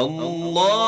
الله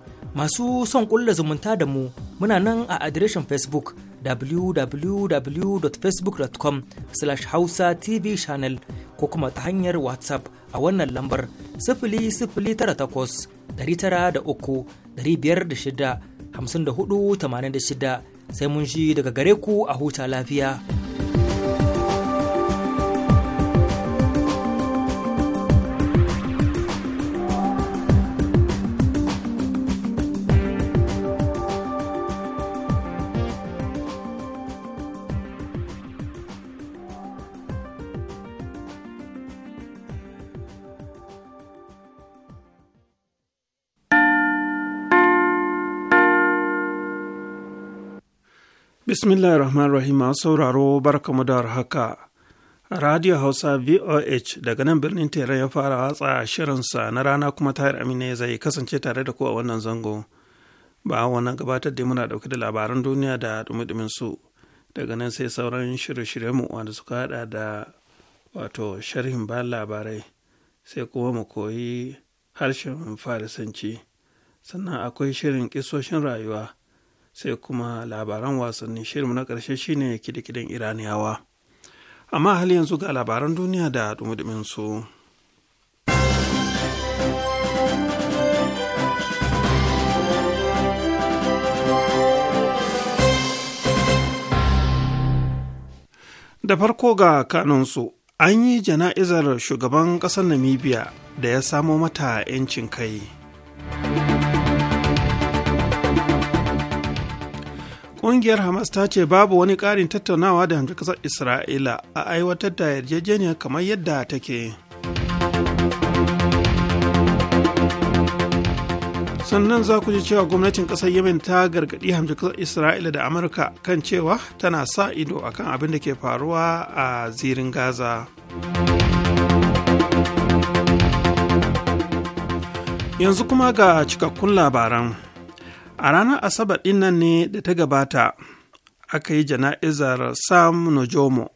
Masu son ƙulla zumunta da mu muna nan a adireshin Facebook www.facebook.com slash hausa tv channel ko kuma ta hanyar WhatsApp a wannan lambar sifili sifili tara takwas ɗari tara da sai mun ji daga gare ku a huta lafiya. bismillahir rahmanir rahim sauraro barkamu da haka radio hausa voh daga nan birnin tera ya fara watsa shirinsa na rana kuma tahir amina ya zai kasance tare da ku a wannan zango ba wannan gabatar da muna dauke da labaran duniya da dumi su daga nan sai sauran shirye-shiryenmu wanda suka hada da wato sharhin bayan labarai sai kuma mu koyi harshen farisanci sannan akwai shirin kisoshin rayuwa sai kuma labaran wasannin shirin na ƙarshe shine kidikidin iraniyawa amma hali yanzu ga labaran duniya da dumudumin su da farko ga kanunsu an yi jana'izar shugaban ƙasar namibia da ya samo mata 'yancin kai Ƙungiyar Hamas ta ce babu wani ƙarin tattaunawa da hamshin ƙasar Isra'ila a aiwatar da yarjejeniya kamar yadda take. sannan za ku ji cewa gwamnatin ƙasar yemen ta gargaɗi hamshin ƙasar isra'ila da amurka kan cewa tana sa ido akan abin da ke faruwa a zirin gaza yanzu kuma ga cikakkun labaran a ranar asabar dinnan ne da ta gabata aka yi jana'izar sam nojomo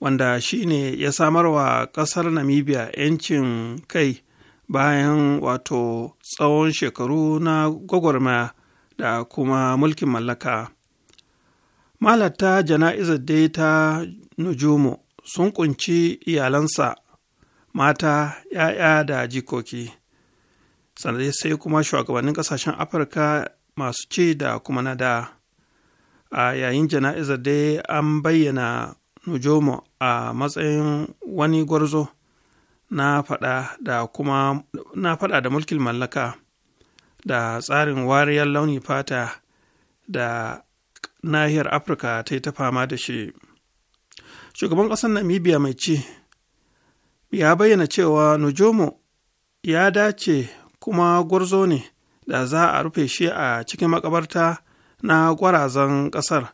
wanda shi ne ya samarwa ƙasar namibia 'yancin kai bayan wato tsawon shekaru na gwagwarmaya da kuma mulkin mallaka malata jana'izar dai ta Nojomo sun kunci iyalansa mata ‘ya'ya da jikoki sanadai sai kuma shugabannin ƙasashen afirka masu ci da kuma na da, a yayin jana'izar dai an bayyana nujomo a matsayin wani gwarzo na fada da mulkin mallaka da tsarin wariyar launi fata da nahiyar afirka ta yi ta fama da shi shugaban ƙasar namibia mai ci ya bayyana cewa nujomo ya dace kuma gwarzo ne da za a rufe shi a cikin makabarta na gwarazan ƙasar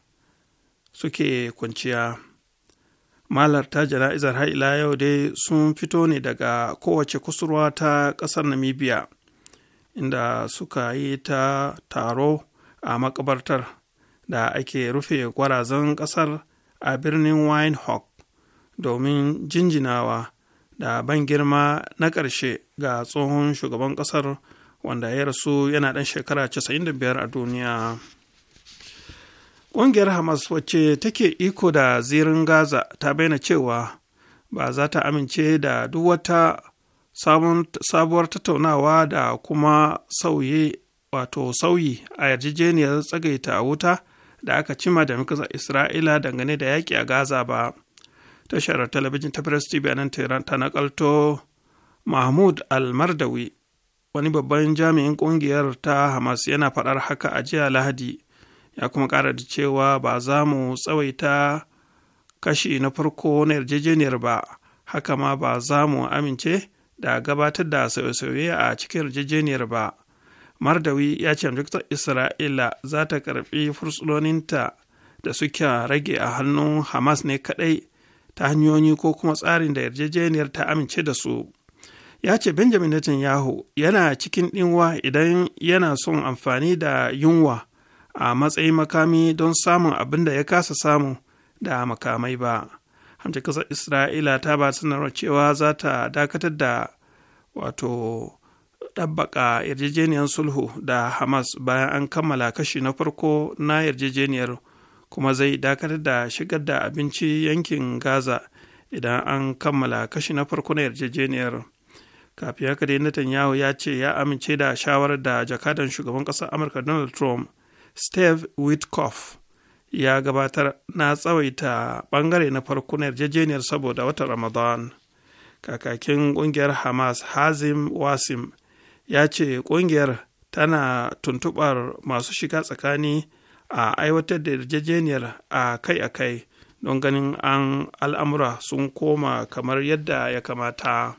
suke kwanciya ta jana'izar ha'ila yau dai sun fito ne daga kowace kusurwa ta ƙasar namibia inda suka yi ta taro a makabartar da ake rufe gwarazan ƙasar a birnin windhoek domin jinjinawa da ban girma na ƙarshe ga tsohon shugaban ƙasar wanda ya rasu yana ɗan shekara 95 a duniya ƙungiyar hamas wacce take iko da zirin gaza ta bayyana cewa ba za ta amince da duk wata sabuwar tattaunawa da kuma sauye wato sauyi a yarjejeniyar tsagaita wuta da aka cima da mikasa isra'ila dangane da yaƙi a gaza ba tashar talabijin ta press tv nan ta nakalto mahmud al-mardawi. wani babban jami'in kungiyar ta hamas yana faɗar haka a jiya lahadi ya kuma ƙara da cewa ba za mu tsawaita kashi na farko na yarjejeniyar ba haka ma ba za mu amince da gabatar da sauye-sauye a cikin yarjejeniyar ba mardawi ya ce duk isra'ila za ta karbi fursuloninta da suke rage a hannun hamas ne kadai ta hanyoyi ko kuma tsarin da yarjejeniyar ta amince da su ya ce benjamin netanyahu yana cikin ɗinwa idan yana son amfani da yunwa a matsayin makami don samun abin da ya kasa samu da makamai ba hamce kasar isra'ila ta ba sanarwar cewa za ta dakatar da wato ɗabbaka yarjejeniyar sulhu da hamas bayan an kammala kashi na farko na yarjejeniyar kuma zai dakatar da shigar da abinci yankin gaza idan an kammala kashi na farko na yarjejeniyar kafin haka dai netanyahu ya ce ya amince da shawarar da jakadan shugaban ƙasar amurka donald trump steve witkoff ya gabatar na tsawaita bangare na farko na yarjejeniyar saboda watan ramadan kakakin kungiyar hamas hazim wasim ya ce kungiyar tana tuntuɓar masu shiga tsakani a aiwatar da yarjejeniyar a kai a kai don ganin an al'amura sun koma kamar yadda ya kamata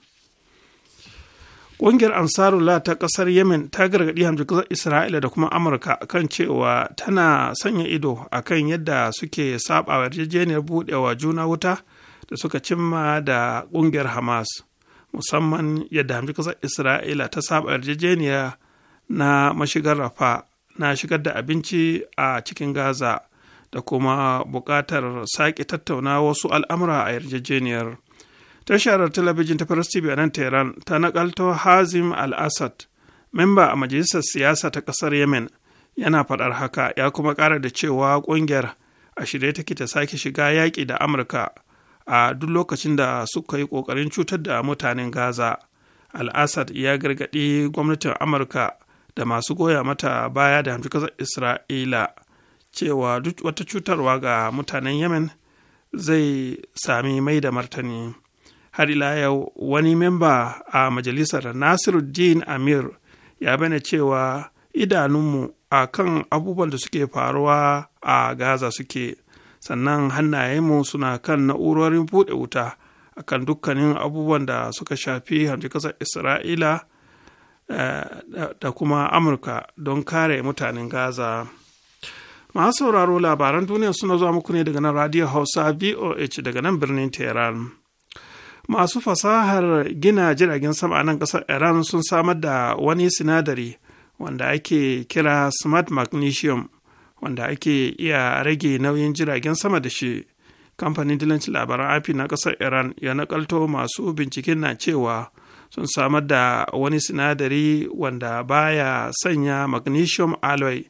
Ƙungiyar Ansarullah ta ƙasar Yemen ta gargaɗi hamjikar Isra'ila da kuma Amurka kan cewa tana sanya ido a kan yadda suke saba yarjejeniyar buɗewa juna wuta da suka cimma da ƙungiyar Hamas, musamman yadda hamjikar Isra'ila ta saba yarjejeniya na mashigar rafa na shigar da abinci a cikin Gaza da kuma buƙatar sake tattauna wasu al'amura a yarjejeniyar. tasharar talabijin ta Paris TV a nan Tehran ta nakalto Hazim Al-Assad, memba a majalisar siyasa ta kasar Yemen, yana faɗar haka ya kuma ƙara da cewa ƙungiyar a shirye take ta sake shiga yaƙi da Amurka a duk lokacin da suka yi ƙoƙarin cutar da mutanen Gaza. Al-Assad ya gargaɗi gwamnatin Amurka da masu goya mata baya da hamshi Isra'ila cewa duk wata cutarwa ga mutanen Yemen zai sami mai da martani. har ila yau wani memba a majalisar nasiruddin amir ya bane cewa idanunmu a kan abubuwan da suke faruwa a gaza suke sannan hannayenmu suna kan na'urorin buɗe wuta a kan dukkanin abubuwan da suka shafi hamji ƙasar isra'ila eh, da kuma amurka don kare mutanen gaza masu sauraro labaran duniya suna zuwa muku ne daga nan radio hausa voh daga nan birnin tehran masu fasahar gina jiragen sama a nan kasar iran sun samar da wani sinadari wanda ake kira smart magnesium wanda ake iya rage nauyin jiragen sama da shi kamfanin dilanci labaran afi na kasar iran ya nakalto masu binciken na cewa sun samar da wani sinadari wanda baya sanya magnesium alloy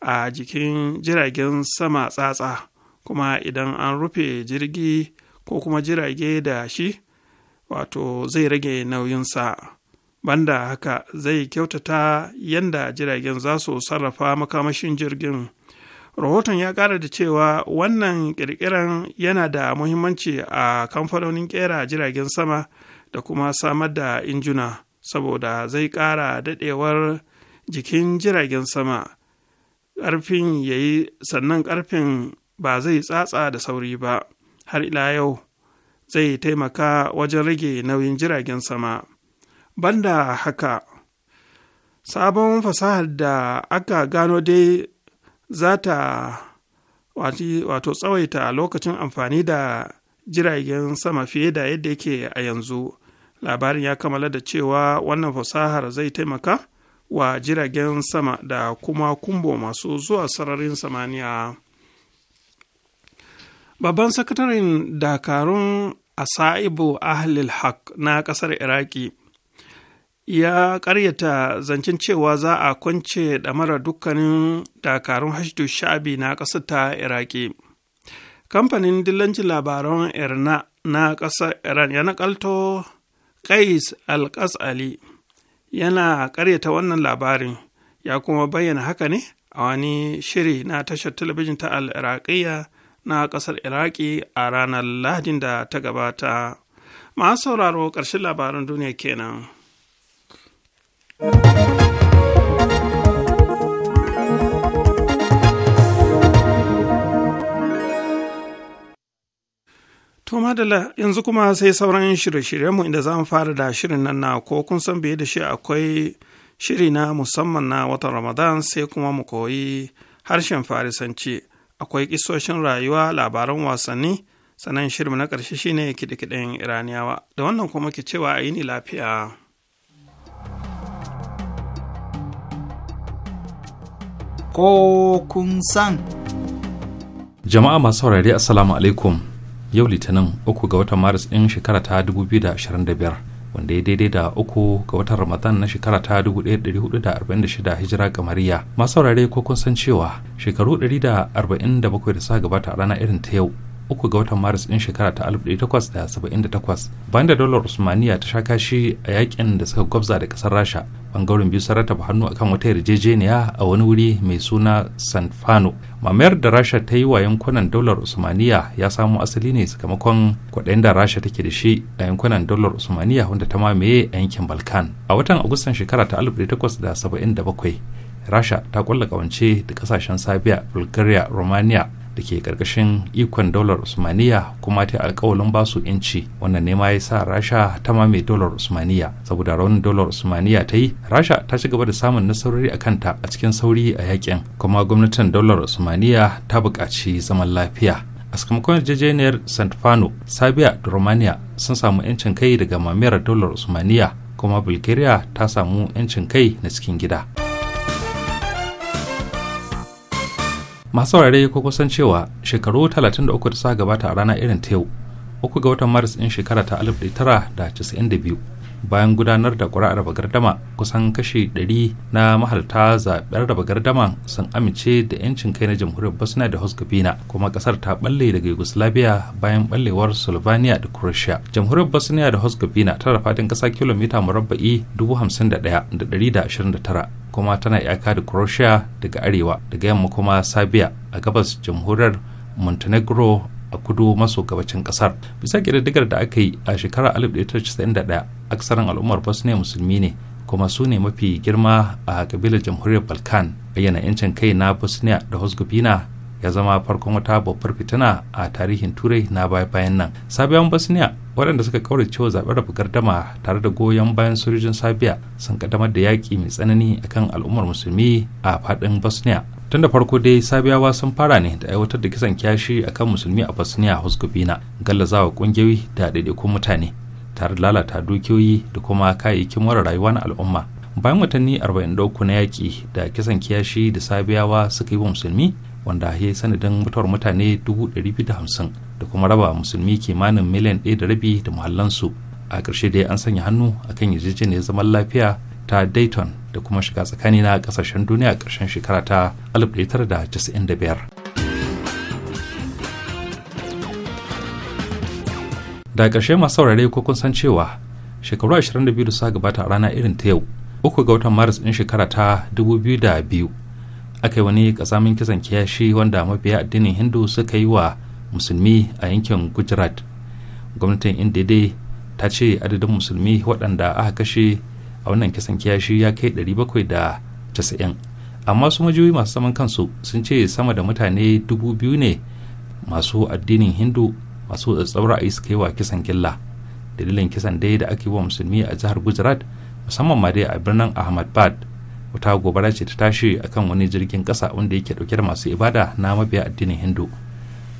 a jikin jiragen sama tsatsa kuma idan an rufe jirgi ko kuma jirage da shi wato zai rage nauyinsa banda haka zai kyautata yadda jiragen za su sarrafa makamashin jirgin rahoton ya ƙara da cewa wannan ƙirƙiran yana da muhimmanci a kamfanonin ƙera jiragen sama da kuma samar da injuna saboda zai ƙara daɗewar jikin jiragen sama ƙarfin ya sannan ƙarfin ba zai tsatsa da sauri ba har ila yau zai taimaka wajen rage nauyin jiragen sama banda haka sabon fasahar da aka gano dai za ta wato tsawaita lokacin amfani da jiragen sama fiye da yadda yake a yanzu labarin ya kammala da cewa wannan fasahar zai taimaka wa jiragen sama da kuma kumbo masu zuwa sararin samaniya babban sakataren dakarun A asa'ibu ahlil haq na ƙasar iraki ya ƙaryata zancen cewa za a kwance ɗamara dukkanin dakarun hashdu sha'abi na ƙasar ta iraki kamfanin dillancin labaran irna na ƙasar iran ya naƙalto qais al-qasali yana ƙaryata wannan labarin ya kuma bayyana haka ne a wani shiri na tashar talabijin ta al-iraqiyya na ƙasar iraki a ranar lahadin da ta gabata masu sauraro ƙarshen labaran duniya kenan. To yanzu kuma sai sauran shirye-shiryenmu inda za mu fara da shirin nan na ko kun san biye da shi akwai shiri na musamman na watan Ramadan sai kuma mu koyi harshen Farisanci akwai kisoshin rayuwa labaran wasanni sanan shirin na ƙarshe shine kiɗe-kiɗen iraniyawa da wannan kuma ke cewa a yi ni lafiya ko kun san jama'a masu saurari assalamu alaikum yau litinin uku ga watan maris ɗin shekara ta biyar. wanda ya daidai da uku ga watan ramadan na shekara ta 1446 hijira kamariya masu saurare ko kun san cewa shekaru 147 da suka gabata a rana irin ta yau uku ga watan maris ɗin shekara ta 1878 bayan da daular usmaniya ta sha kashi a yakin da suka gwabza da ƙasar rasha bangaren biyu sun rataba hannu akan wata yarjejeniya a wani wuri mai suna san fano mamayar da rasha ta yi wa yankunan daular usmaniya ya samo asali ne sakamakon kwaɗayin da rasha take da shi a yankunan daular usmaniya wanda ta mamaye a yankin balkan a watan agustan shekara ta 1877 rasha ta kulla kawance da kasashen sabiya bulgaria romania da ke karkashin ikon dolar usmaniya kuma ta alkawalin basu inci wannan nema ya sa rasha ta mame dolar usmaniya saboda raunin dolar usmaniya ta yi rasha ta ci gaba da samun nasarori a kanta a cikin sauri a yakin kuma gwamnatin dolar usmaniya ta buƙaci zaman lafiya a sakamakon jejeniyar st fano Sabia da romania sun samu 'yancin kai daga mamayar dolar usmaniya kuma bulgaria ta samu 'yancin kai na cikin gida. masu saurare ko kusan cewa shekaru 33 da suka gabata a rana irin ta yau uku ga watan maris ɗin shekara ta 1992 bayan gudanar da ƙuri'ar raba gardama kusan kashi 100 na mahalta zaɓen raba gardama sun amince da 'yancin kai na jamhuriyar bosnia da herzegovina kuma ƙasar ta ɓalle daga yugoslavia bayan ɓallewar slovenia da croatia jamhuriyar bosnia da herzegovina tana faɗin ƙasa kilomita murabba'i da 51,129 kuma tana iyaka da croatia daga arewa daga yamma kuma serbia a gabas jamhuriyar montenegro a kudu maso gabacin kasar bisa ƙididdigar da aka yi a shekarar 1991 aksarin al'ummar bosnia musulmi ne kuma su ne mafi girma a kabilar jamhuriyar balkan bayyana 'yancin kai na bosnia da herzegovina ya zama farkon wata babbar fitina a tarihin turai na baya-bayan nan sabiyan bosnia waɗanda suka kaurace zaɓar zaɓen rafa gardama tare da goyon bayan sojojin sabiya sun kaddamar da yaƙi mai tsanani akan al'ummar musulmi a faɗin bosnia tun da farko dai sabiyawa sun fara ne da aiwatar da kisan kyashi akan musulmi a bosnia za gallazawa kungiyoyi da ɗaiɗaikun mutane tare da lalata dukiyoyi da kuma kayayyakin mara rayuwa na al'umma bayan watanni 43 na yaƙi da kisan kiyashi da sabiyawa suka yi wa musulmi wanda ya yi sanadin mutuwar mutane 250 da kuma raba musulmi kimanin miliyan ɗaya da rabi da muhallansu a ƙarshe dai an sanya hannu akan yarjejeniyar zaman lafiya ta dayton da kuma shiga tsakani na kasashen duniya a ƙarshen shekara ta 1995 da ƙarshe masu saurare ko kun san cewa shekaru 22 da suka gabata a rana irin ta yau uku ga watan maris ɗin shekara ta 2002 aka yi wani ƙazamin kisan kiyashi wanda mabiya addinin hindu suka yi wa musulmi a yankin gujarat gwamnatin indiya ta ce adadin musulmi waɗanda aka kashe a wannan kisan kiyashi ya kai da 790 amma su majiyoyi masu saman kansu sun ce sama da mutane 2000 ne masu addinin hindu masu tsatsaura a suka wa kisan killa dalilin kisan dai da ake wa musulmi a jihar gujarat musamman ma dai a birnin ahmadabad wata gobara ce ta tashi akan wani jirgin kasa wanda yake dauke da masu ibada na mabiya addinin hindu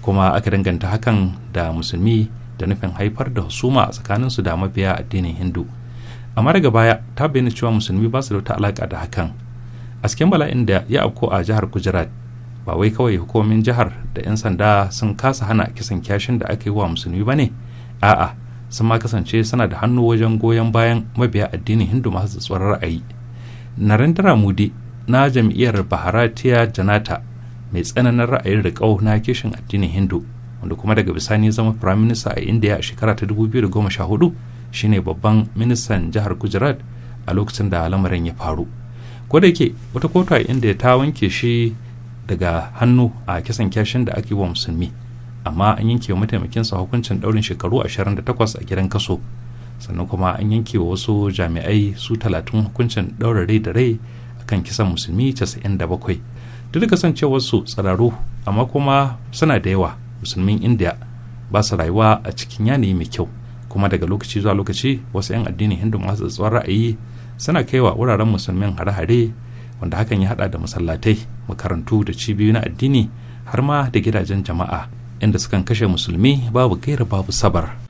kuma aka danganta hakan da musulmi da nufin haifar da husuma tsakaninsu da mabiya addinin hindu amma daga baya ta bayyana cewa musulmi ba su da wata alaka da hakan a cikin bala'in da ya afko a jihar gujarat ba wai kawai hukumomin jihar da 'yan sanda sun kasa hana kisan kyashin da aka yi wa musulmi ba ne a'a sun ma kasance suna da hannu wajen goyon bayan mabiya addinin hindu masu tsoron ra'ayi narendra modi na jam'iyyar baharatiya janata mai tsananin ra'ayin riƙau na kishin addinin hindu wanda kuma daga bisani zama firaminista a indiya a shekara ta 2014 shine babban ministan jihar gujarat a lokacin da lamarin ya faru kodayake wata kotu a inda ta wanke shi daga hannu a kisan kyashin da ake yi wa musulmi amma an yanke wa sa hukuncin daurin shekaru 28 a gidan kaso sannan kuma an yanke wa wasu jami'ai su talatin hukuncin daura rai da rai akan kisan musulmi 97 duk da su tsararru amma kuma suna da yawa musulmin indiya ba su rayuwa a cikin yanayi mai kyau kuma daga lokaci zuwa lokaci wasu 'yan addinin hindu masu tsatsuwar ra'ayi suna kaiwa wuraren musulmin hare-hare wanda hakan ya hada da masallatai makarantu da cibiyoyi na addini har ma da gidajen jama'a inda sukan kashe musulmi babu gaira babu sabar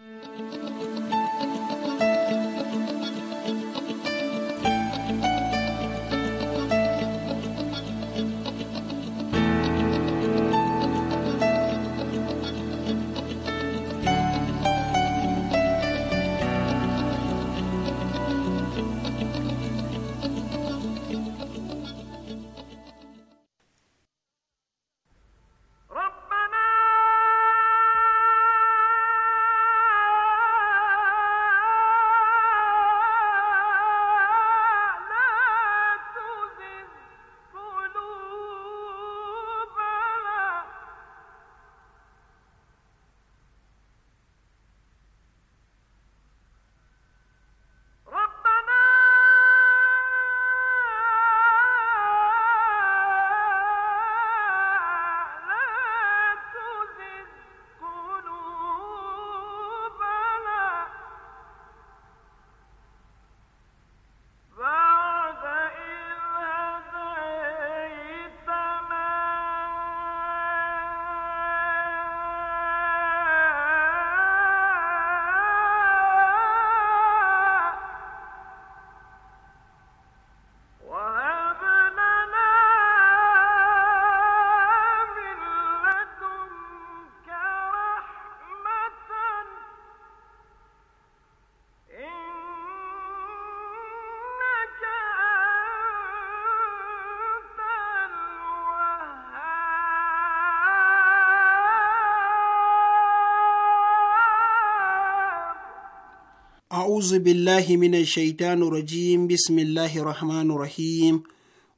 a'uzu billahi mina shaitanu rajim bismillahi rahmanu rahim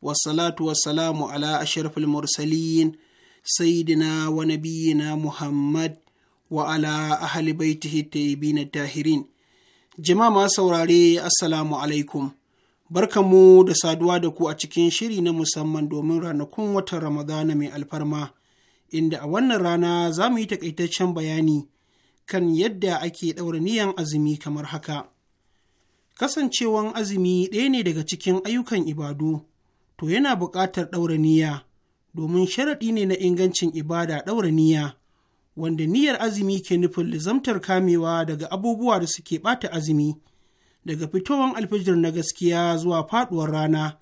wasalatu wasalamu ala ashirfil mursalin saidina wa nabiyina muhammad wa ala ahli baitihi na tahirin jama'a ma saurare assalamu alaikum barkamu da saduwa da ku a cikin shiri na musamman domin ranakun watan ramadana mai alfarma inda a wannan rana za mu yi takaitaccen bayani kan yadda ake ɗaura niyan azumi kamar haka. Kasancewan azumi ɗaya ne daga cikin ayyukan ibadu, to yana buƙatar ɗaura niyya, domin sharaɗi ne na ingancin ibada ɗaura niyya, wanda niyyar azumi ke nufin lizamtar kamewa daga abubuwa da suke ɓata azumi, daga fitowar alfijir na gaskiya zuwa faɗuwar rana,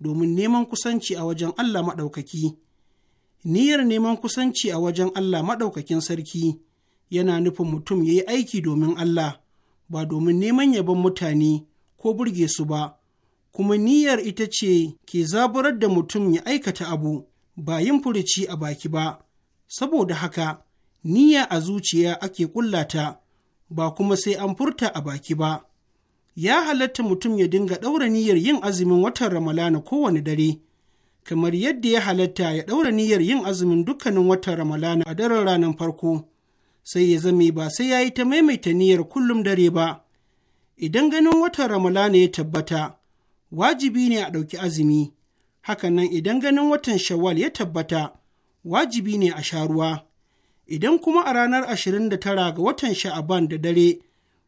domin neman kusanci a wajen Allah maɗaukaki. Niyyar neman kusanci a wajen Allah maɗaukakin sarki. yana nufin mutum ya yi aiki domin Allah, ba domin neman yabon mutane ko burge su ba, kuma niyyar ita ce ke zaburar da mutum ya aikata abu, ba yin furici a baki ba, saboda haka niyya a zuciya ake kullata, ba kuma sai an furta a baki ba. Ya halatta mutum ya dinga ɗaura niyyar yin azumin watan Ramalana kowane dare. kamar yadda ya halatta ya ɗaura niyyar yin azumin dukkanin watan Ramalana a daren ranar farko, sai ya zame ba sai ya yi ta maimaita niyyar kullum dare ba. Idan ganin watan Ramalana ya tabbata, wajibi ne a ɗauki azumi, nan, idan ganin watan Shawwal ya tabbata, wajibi ne a sha ruwa. Idan kuma a ranar ashirin da tara ga watan Sha'aban da dare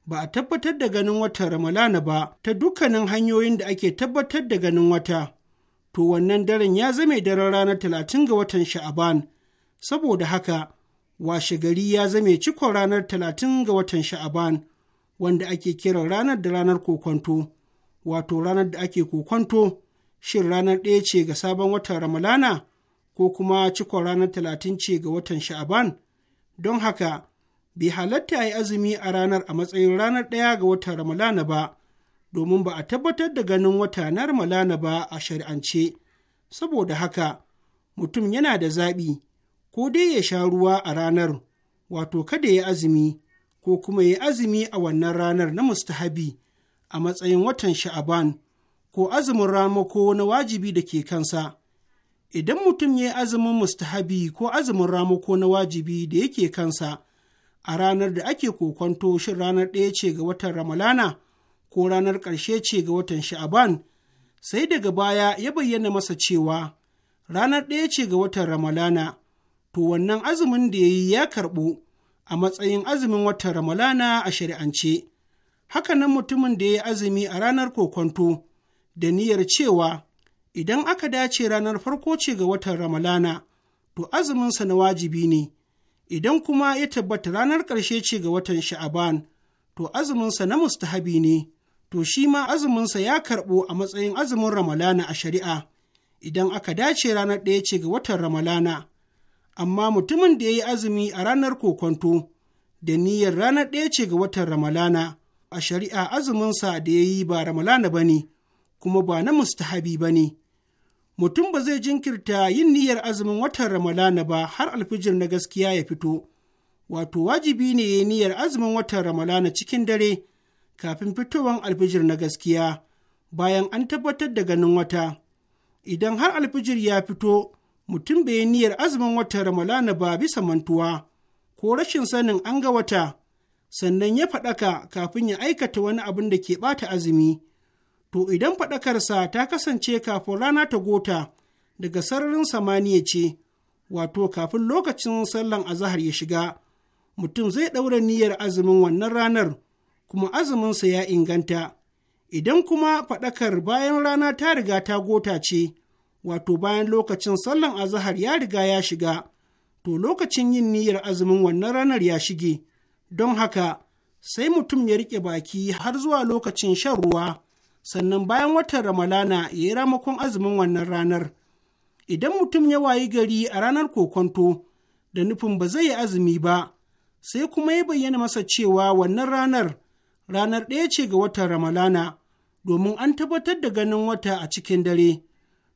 ba a tabbatar da ganin watan Ramalana ba ta dukkanin hanyoyin da ake tabbatar da ganin wata, to wannan daren ya zame daren ranar talatin ga watan Sha'aban. Saboda haka, washe gari ya zame cikon ranar talatin ga watan sha'aban wanda ake kiran ranar da ranar kokwanto wato ranar da ake kokwanto shin ranar ɗaya ce ga sabon watan ramalana ko kuma cikon ranar talatin ce ga watan sha'aban don haka bai halatta a yi azumi a ranar a matsayin ranar ɗaya ga watan ramalana ba domin ba a tabbatar da ganin wata na ramalana ba a shari'ance saboda haka mutum yana da zaɓi ko dai ya sha ruwa a ranar, wato kada ya azumi, ko kuma ya azumi a wannan ranar na mustahabi a matsayin watan sha'aban, ko azumin ramako na wajibi da ke kansa. Idan mutum ya yi azumin mustahabi ko azumin ramako na wajibi da yake kansa a ranar da ake kokonto shin ranar ɗaya ce ga watan Ramalana ko ranar ƙarshe ce ga watan sha'aban, sai daga baya ya bayyana masa cewa ranar ɗaya ce ga watan Ramalana. to wannan azumin da ya yi ya karɓu a matsayin azumin watan Ramalana a shari'ance. Hakanan mutumin da ya yi azumi a ranar kokonto da niyyar cewa idan aka dace ranar farko ce ga watan Ramalana, to azuminsa na wajibi ne, idan kuma ya tabbata ranar ƙarshe ce ga watan Sha'aban, to azuminsa na mustahabi ne, to shi ma azuminsa ya karɓo a matsayin azumin Ramalana a shari'a, idan aka dace ranar ɗaya ce ga watan Ramalana. amma mutumin da ya yi azumi a ranar kokonto da niyyar ranar ɗaya ce ga watan Ramalana, a shari'a azuminsa da ya yi ba Ramalana ba ne, kuma ba na mustahabi ba ne. Mutum ba zai jinkirta yin niyyar azumin watan Ramalana ba har alfijir na gaskiya ya fito, wato wajibi ne ya yi niyyar azumin watan Ramalana cikin dare kafin fitowar alfijir na gaskiya bayan an tabbatar da ganin wata. Idan har alfijir ya fito, mutum bai niyyar azumin wata Ramalana ba bisa mantuwa ko rashin sanin an ga wata, sannan ya faɗaka kafin ya aikata wani abin da ke ɓata azumi. To idan faɗakarsa ta kasance kafin rana ta gota daga sararin samaniya ce, wato kafin lokacin sallan azahar ya shiga, mutum zai ɗaura niyyar azumin wannan ranar, kuma azuminsa ya inganta. Idan kuma faɗakar bayan rana ta riga ta gota ce, wato bayan lokacin sallan azahar ya riga ya shiga, to lokacin yin niyyar azumin wannan ranar ya shige, don haka sai mutum ya riƙe baki har zuwa lokacin shan ruwa, sannan bayan watan Ramalana ya yi ramakon azumin wannan ranar. Idan mutum ya wayi gari a ranar kokonto, da nufin ba zai yi azumi ba, sai kuma ya bayyana masa cewa wannan ranar ranar ɗaya ce ga watan Ramalana, domin an tabbatar da ganin wata a cikin dare.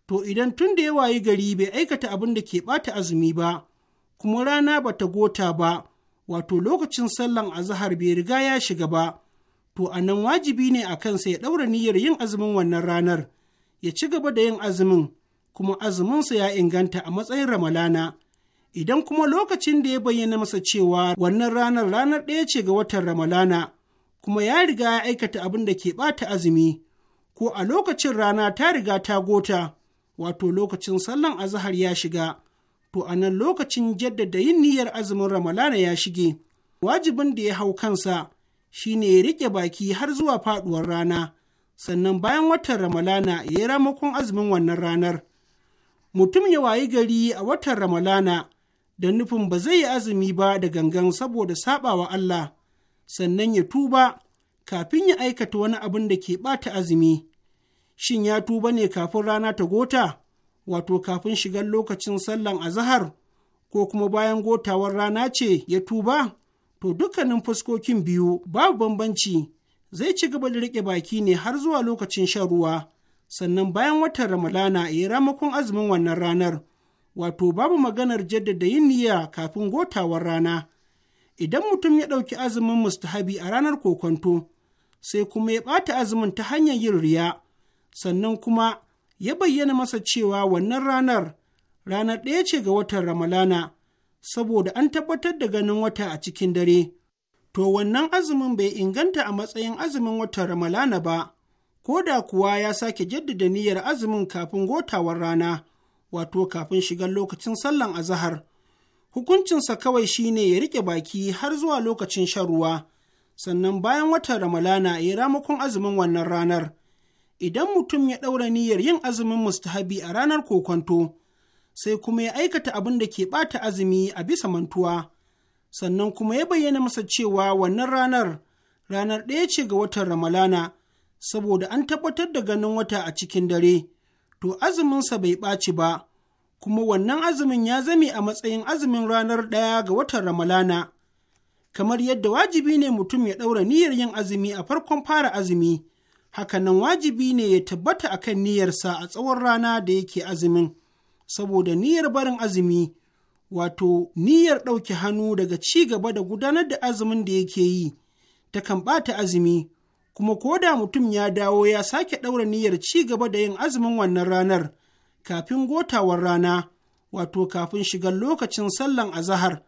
to idan tun da ya wayi gari bai aikata abin da ke ɓata azumi ba, kuma rana ba ta gota ba, wato lokacin sallan azahar bai riga ya shiga ba, to a nan wajibi ne a kansa ya ɗaura niyyar yin azumin wannan ranar, ya ci gaba da yin azumin, kuma azuminsa ya inganta a matsayin ramalana. Idan kuma lokacin da ya bayyana masa cewa wannan ranar ranar ɗaya ce ga watan ramalana, kuma ya riga ya aikata abin da ke ɓata azumi, ko a lokacin rana ta riga ta gota. wato lokacin sallan azahar ya shiga, to a nan lokacin jaddada yin niyyar azumin Ramalana ya shige. Wajibin da ya hau kansa shine ya riƙe baki har zuwa faɗuwar rana, sannan bayan watan Ramalana ya yi ramakon azumin wannan ranar. Mutum ya wayi gari a watan Ramalana da nufin ba zai yi azumi ba da gangan saboda saɓawa Allah, sannan ya tuba kafin ya aikata wani abin da ke ɓata azumi. shin ya tuba ne kafin rana ta gota wato kafin shigar lokacin sallan azahar ko kuma bayan gotawar rana ce ya tuba to dukkanin fuskokin biyu babu bambanci zai ci gaba da riƙe baki ne har zuwa lokacin shan ruwa sannan bayan watan ramalana ya ramakon azumin wannan ranar wato babu maganar jaddada yin niyya kafin gotawar rana idan mutum ya ɗauki azumin mustahabi a ranar kokonto sai kuma ya ɓata azumin ta hanyar yin riya sannan kuma ya bayyana masa cewa wannan ranar ranar ɗaya ce ga watan Ramalana, saboda an tabbatar da ganin wata a cikin dare. To wannan azumin bai inganta a matsayin azumin watan Ramalana ba, ko da kuwa ya sake jaddada niyyar azumin kafin gotawar rana, wato kafin shigar lokacin sallan azahar. Hukuncinsa kawai shine ya riƙe baki har zuwa lokacin shan ruwa, sannan bayan watan Ramalana ya ramakon azumin wannan ranar. idan mutum ya ɗaura niyyar yin azumin mustahabi a ranar kokwanto, sai kuma ya aikata abin da ke ɓata azumi a bisa mantuwa, sannan kuma ya bayyana masa cewa wannan ranar ranar ɗaya ce ga watan Ramalana, saboda an tabbatar da ganin wata a cikin dare, to azuminsa bai ɓaci ba, kuma wannan azumin ya zame a matsayin azumin ranar ɗaya ga watan Ramalana. Kamar yadda wajibi ne mutum ya ɗaura niyyar yin azumi a farkon fara azumi. hakanan wajibi ne ya tabbata akan niyyarsa a tsawon rana da yake azumin saboda niyyar barin azumi wato niyyar ɗauke hannu daga ci gaba da gudanar da azumin da yake yi takan ɓata azumi kuma ko da mutum ya dawo ya sake ɗaura niyyar ci gaba da yin azumin wannan ranar kafin gotawar rana wato kafin shigar lokacin sallan azahar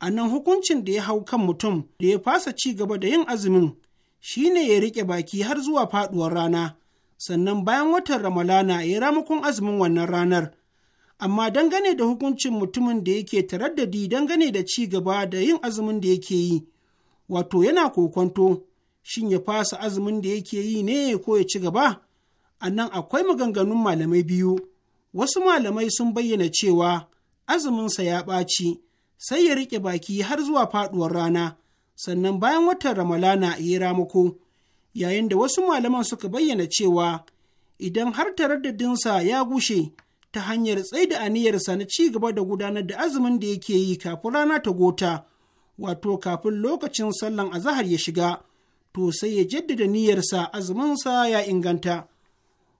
a nan hukuncin da ya hau kan mutum da ya fasa ci gaba da yin azumin shi ne ya riƙe baki har zuwa faɗuwar rana, sannan bayan watan Ramalana ya ramakon azumin wannan ranar. Amma dangane da hukuncin mutumin da yake taraddadi dangane da ci gaba da yin azumin da yake yi, wato yana kokonto, shin ya fasa azumin da yake yi ne ko ya ci gaba? A nan akwai maganganun malamai biyu, wasu malamai sun bayyana cewa azuminsa ya ɓaci, sai ya riƙe baki har zuwa faɗuwar rana. sannan bayan watan ramalana yi ramako yayin da wasu malaman suka bayyana cewa idan har taraddadinsa ya gushe ta hanyar tsai da aniyarsa na ci gaba da gudanar da azumin da yake yi kafin rana ta gota wato kafin lokacin sallan azahar ya shiga to sai ya jaddada niyyarsa azuminsa ya inganta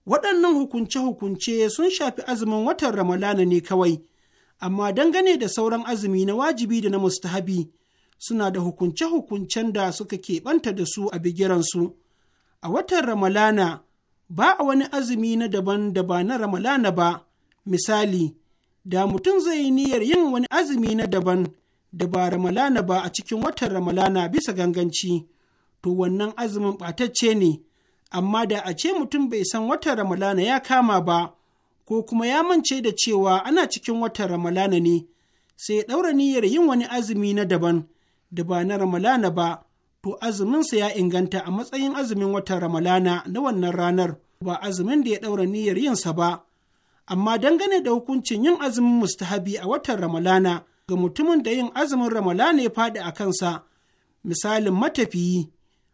waɗannan hukunce-hukunce sun shafi azumin watan ramalana ne kawai amma dangane da sauran azumi na wajibi da na mustahabi suna da hukunce-hukuncen da suka keɓanta da su a bigiransu. A watan Ramalana ba a wani azumi na daban da ba na Ramalana ba, misali, da mutum zai yi niyyar yin wani azumi na daban da ba Ramalana ba a cikin watan Ramalana bisa ganganci, to wannan azumin ɓatacce ne, amma da a ce mutum bai san watan Ramalana ya kama ba, ko kuma ya mance da cewa ana cikin watan Ramalana ne, sai ya ɗaura niyyar yin wani azumi na daban. da ba na Ramalana ba, to azuminsa ya inganta a matsayin azumin watan Ramalana na wannan ranar ba azumin da ya ɗaura niyyar yinsa ba. Amma dangane da hukuncin yin azumin mustahabi a watan Ramalana ga mutumin da yin azumin Ramalana ya faɗi a kansa, misalin matafiyi,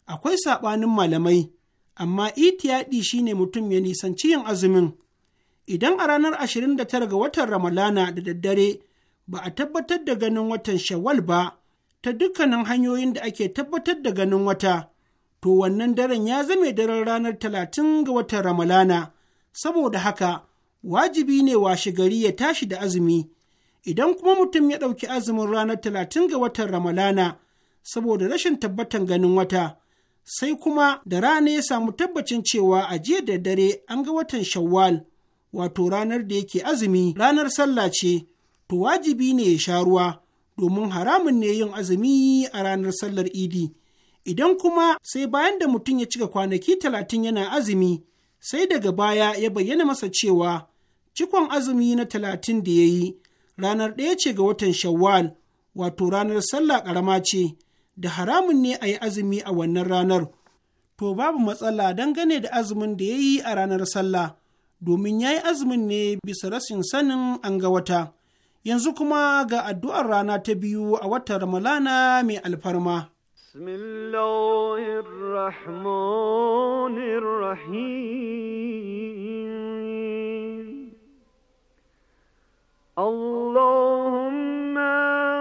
akwai saɓanin malamai, amma itiyaɗi shine mutum ya nisanci yin azumin. Idan a ranar 29 ga watan Ramalana da daddare ba a tabbatar da ganin watan Shawwal ba, ta dukkanin hanyoyin da ake tabbatar da ganin wata, to wannan daren ya zame daren ranar talatin ga watan Ramalana, saboda haka wajibi ne washe gari ya tashi da azumi, idan kuma mutum ya ɗauki azumin ranar talatin ga watan Ramalana, saboda rashin tabbatan ganin wata, sai kuma da rana ya samu tabbacin cewa a jiya da dare an ga watan Shawwal, wato ranar da yake azumi, ranar sallah ce, to wajibi ne ya sha ruwa. domin haramun ne yin azumi a ranar sallar idi idan kuma sai bayan da mutum ya cika kwanaki talatin yana azumi sai daga baya ya bayyana masa cewa cikon azumi na talatin da ya yi ranar ɗaya ce ga watan shawwal wato ranar sallah ƙarama ce da haramun ne a yi azumi a wannan ranar to babu matsala dangane da azumin da ya yi a ranar sallah domin ya yi azumin ne bisa rashin sanin an ga wata yanzu kuma ga addu'ar rana ta biyu a watan Ramalana mai alfarma. Allahumma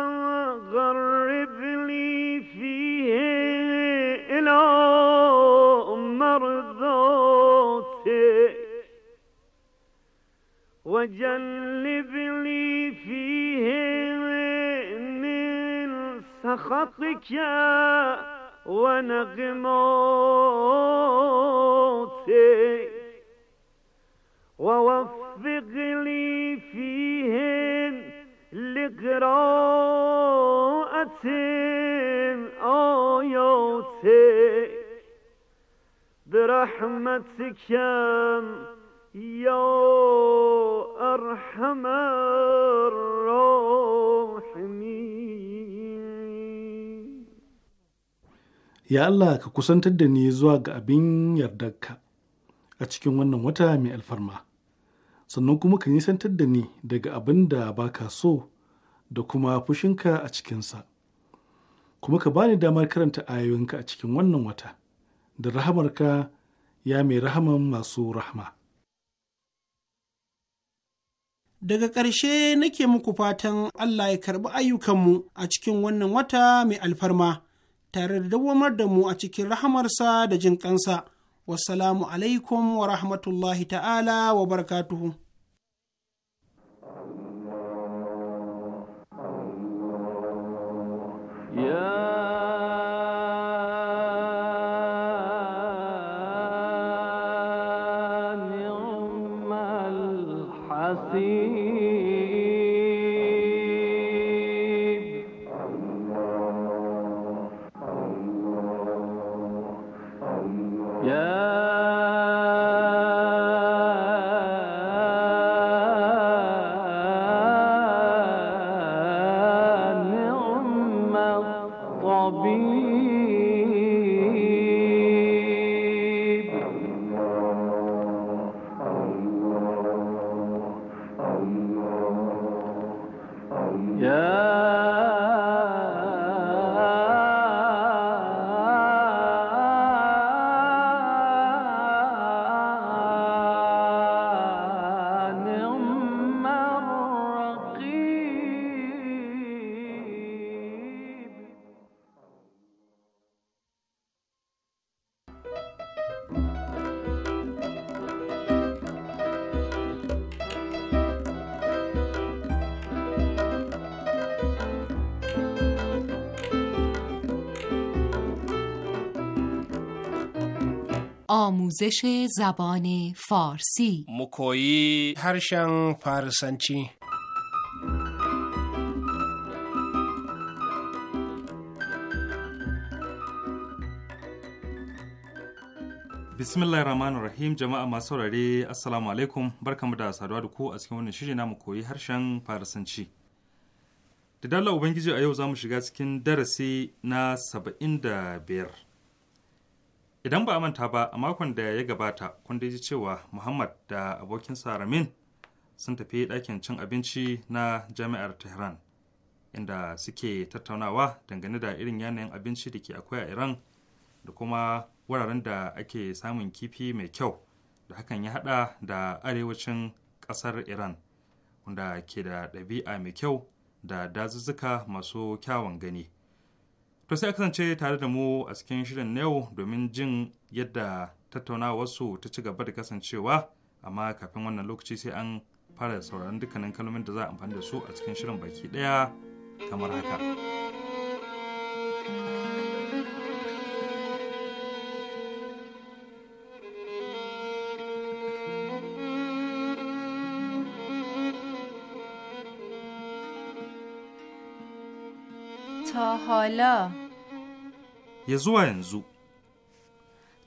وجلب لي فيه من سخطك ونغموتك ووفق لي فيهن لقراءة آياتك برحمتك Ya allah ka kusantar da ni zuwa ga abin yardarka a cikin wannan wata mai alfarma sannan kuma ka nisantar da ni daga abin da ba ka so da kuma fushinka a cikinsa kuma ka bani damar karanta ayoyinka a cikin wannan wata da rahamarka ya mai rahaman masu rahama Daga ƙarshe nake muku fatan Allah ya karɓi ayyukanmu a cikin wannan wata mai alfarma, tare da dawamar da mu a cikin rahamarsa da jin ƙansa. Wassalamu alaikum wa rahmatullahi ta'ala wa barakatuhu. Yeah. يا آموزش زبان فارسی مکویی هرشن فارسنچی bismillahir rahmanir rahim jama'a masu saurare assalamu alaikum barkamu da saduwa da ku a cikin wannan shiri mu koyi harshen farisanci da dala ubangiji a yau za mu shiga cikin darasi na saba'in da biyar idan ba a manta ba a makon da ya gabata kun ji cewa muhammad da abokinsa ramin sun tafi ɗakin cin abinci na jami'ar tehran inda suke tattaunawa dangane da irin yanayin abinci da ke akwai a iran da kuma wuraren da ake samun kifi mai kyau da hakan ya hada da arewacin ƙasar iran wanda ke da ɗabi'a mai kyau da dazuzzuka masu kyawun gani To sai kasance tare da mu a cikin shirin na yau domin jin yadda tattaunawarsu ta ci gaba da kasancewa amma kafin wannan lokaci sai an fara sauraron dukkanin kalmomin da za a amfani da su a cikin shirin baki ɗaya kamar haka. تا حالا یزو زو ینزو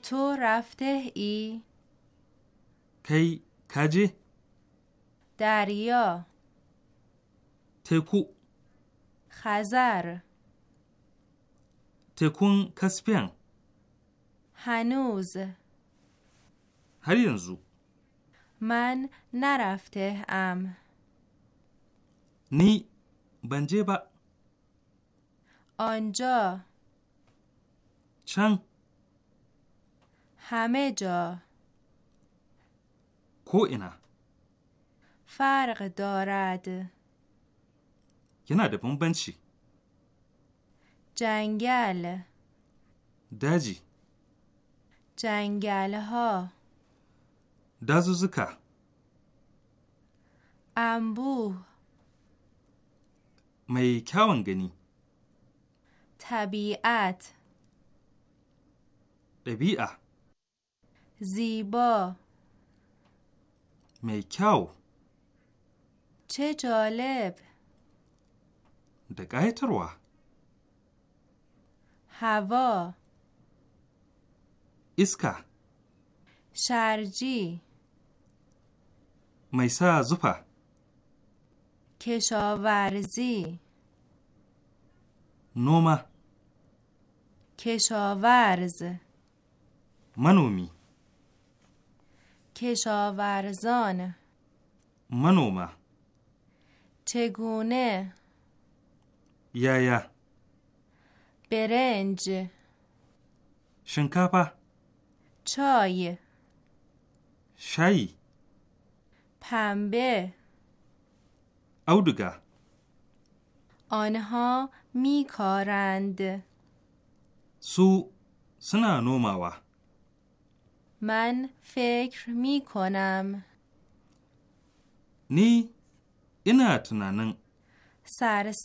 تو رفته ای؟ کی کجی؟ دریا تکو خزر تکون کسپیان هنوز هر ینزو من نرفته ام نی بنجه با آنجا چند همه جا کو اینا فرق دارد یه ده بنچی جنگل دجی جنگل ها دزوزکا انبوه می طبیعت ɗabi'a Zibo. mai kyau cetolab da ƙayatarwa hava iska sharji mai sa zufa keshawarzi noma keshawarzi منومی کشاورزان منومه چگونه یا یا برنج شنکاپا چای شای پنبه اودگا آنها میکارند سو سنا نوماوه من فکر می کنم نی اینا تنانن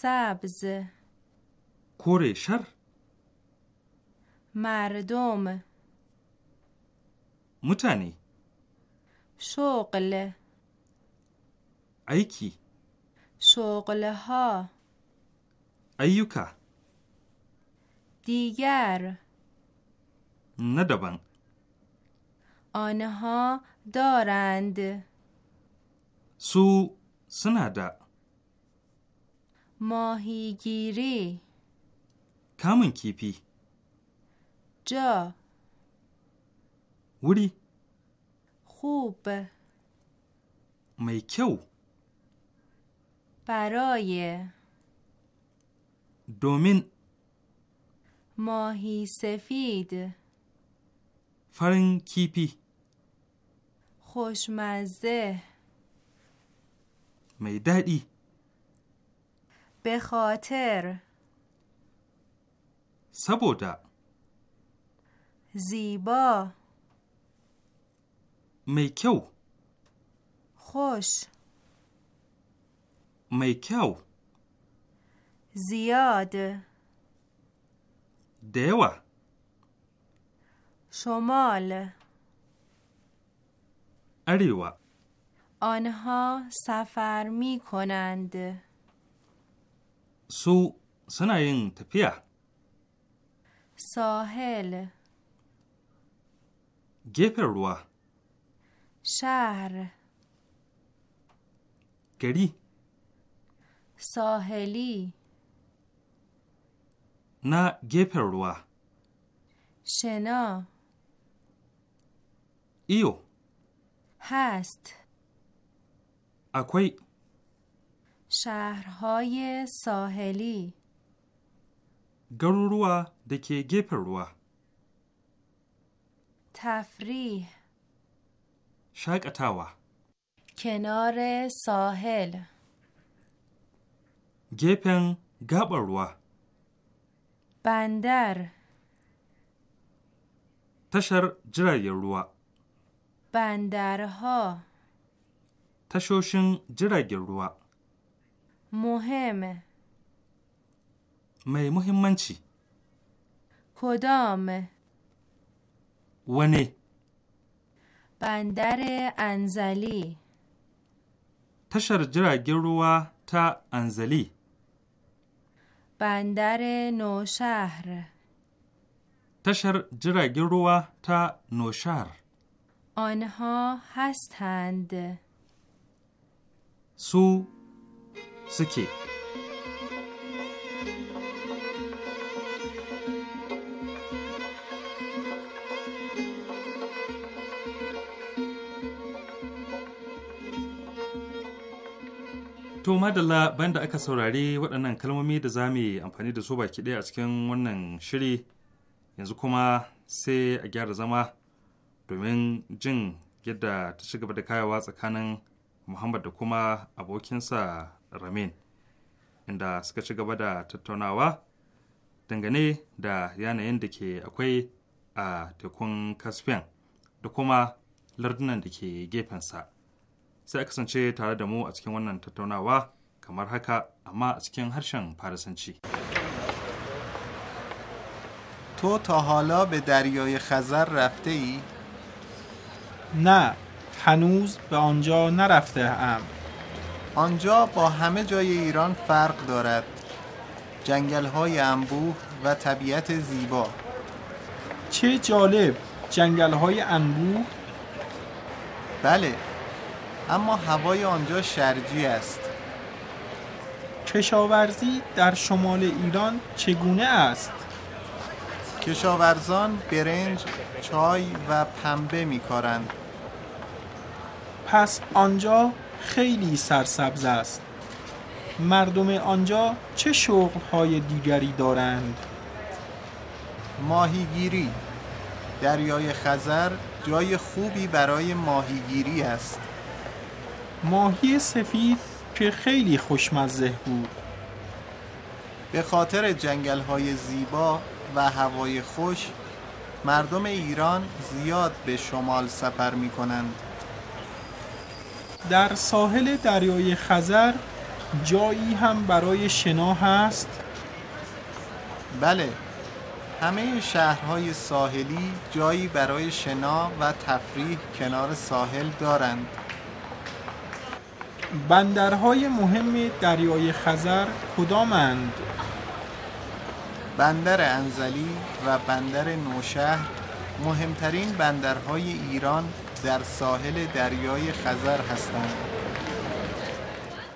سبز کره شر مردم متنی شغل ایکی ها ایوکا دیگر ندبن آنها دارند سو سنادا ماهیگیری کامن کیپی جا وری خوب میکو برای دومین ماهی سفید فرن کیپی خوشمزه می دادی به خاطر سبودا زیبا میکو خوش میکو زیاد دیوه شمال اریوا آنها سفر می کنند سو سناین تپیا ساحل گپروا شهر گری ساحلی نا گپروا شنا ایو هست اکوی شهرهای ساحلی روه دکی گپروا تفریح شاکتاوا کنار ساحل گپن روه بندر تشر جرای روه Bandarha. Tashoshin jiragen ruwa. Muhimmi. Mai muhimmanci. Kodom. Wane. Bandare Anzali. Tashar jiragen ruwa ta Anzali. Bandare no Tashar jiragen ruwa ta no آنها هستند سو سکی To madalla banda aka saurari waɗannan kalmomi da za mu yi amfani da su baki ɗaya a cikin wannan shiri yanzu kuma sai a gyara zama domin jin yadda ta ci gaba da kayawa tsakanin muhammad da kuma abokinsa ramin inda suka ci gaba da tattaunawa dangane da yanayin da ke akwai a tekun caspian da kuma lardunan da ke gefensa sai a kasance tare da mu a cikin wannan tattaunawa kamar haka amma a cikin harshen farisanci تو تا حالا به دریای خزر رفته ای؟ نه هنوز به آنجا نرفته ام آنجا با همه جای ایران فرق دارد جنگل های انبوه و طبیعت زیبا چه جالب جنگل های انبوه بله اما هوای آنجا شرجی است کشاورزی در شمال ایران چگونه است؟ کشاورزان برنج، چای و پنبه می کارند. پس آنجا خیلی سرسبز است مردم آنجا چه های دیگری دارند؟ ماهیگیری دریای خزر جای خوبی برای ماهیگیری است ماهی سفید که خیلی خوشمزه بود به خاطر جنگل های زیبا و هوای خوش مردم ایران زیاد به شمال سفر می کنند در ساحل دریای خزر جایی هم برای شنا هست؟ بله همه شهرهای ساحلی جایی برای شنا و تفریح کنار ساحل دارند بندرهای مهم دریای خزر کدامند؟ بندر انزلی و بندر نوشهر مهمترین بندرهای ایران در ساحل دریای خزر هستند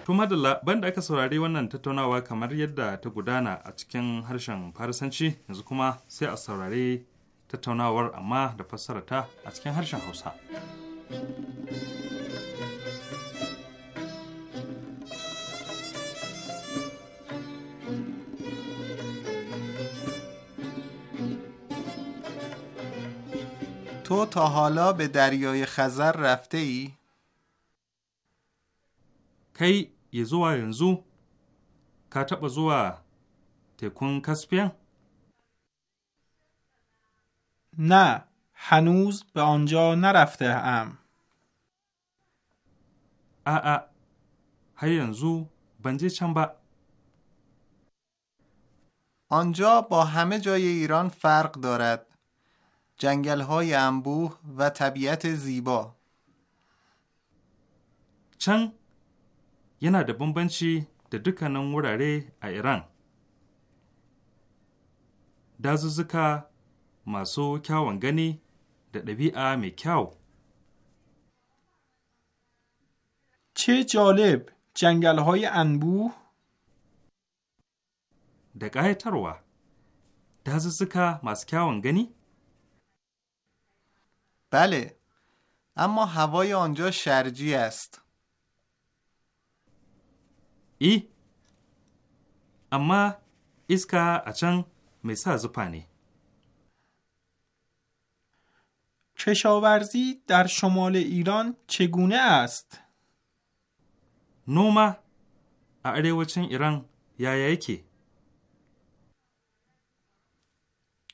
To madalla banda aka saurari wannan tattaunawa kamar yadda ta gudana a cikin harshen Farisanci yanzu kuma sai a saurari tattaunawar amma da fassarata a cikin harshen Hausa. تو تا حالا به دریای خزر رفته ای؟ کی یه زوا ینزو کا تبا زوا تکون کسپیان؟ نه هنوز به آنجا نرفته ام آ های ینزو بنجه چن با آنجا با همه جای ایران فرق دارد جنگل‌های انبوه و طبیعت زیبا چن یه da bambanci da dukkanin wurare a Iran. Dazuzzuka masu kyawun gani da ɗabi'a mai kyau. چه جالب جنگل های da ƙayatarwa dazuzzuka masu kyawun gani بله اما هوای آنجا شرجی است ای اما اسکا اچن میسا پانی. کشاورزی در شمال ایران چگونه است؟ نوما اریوچن ایران یا یکی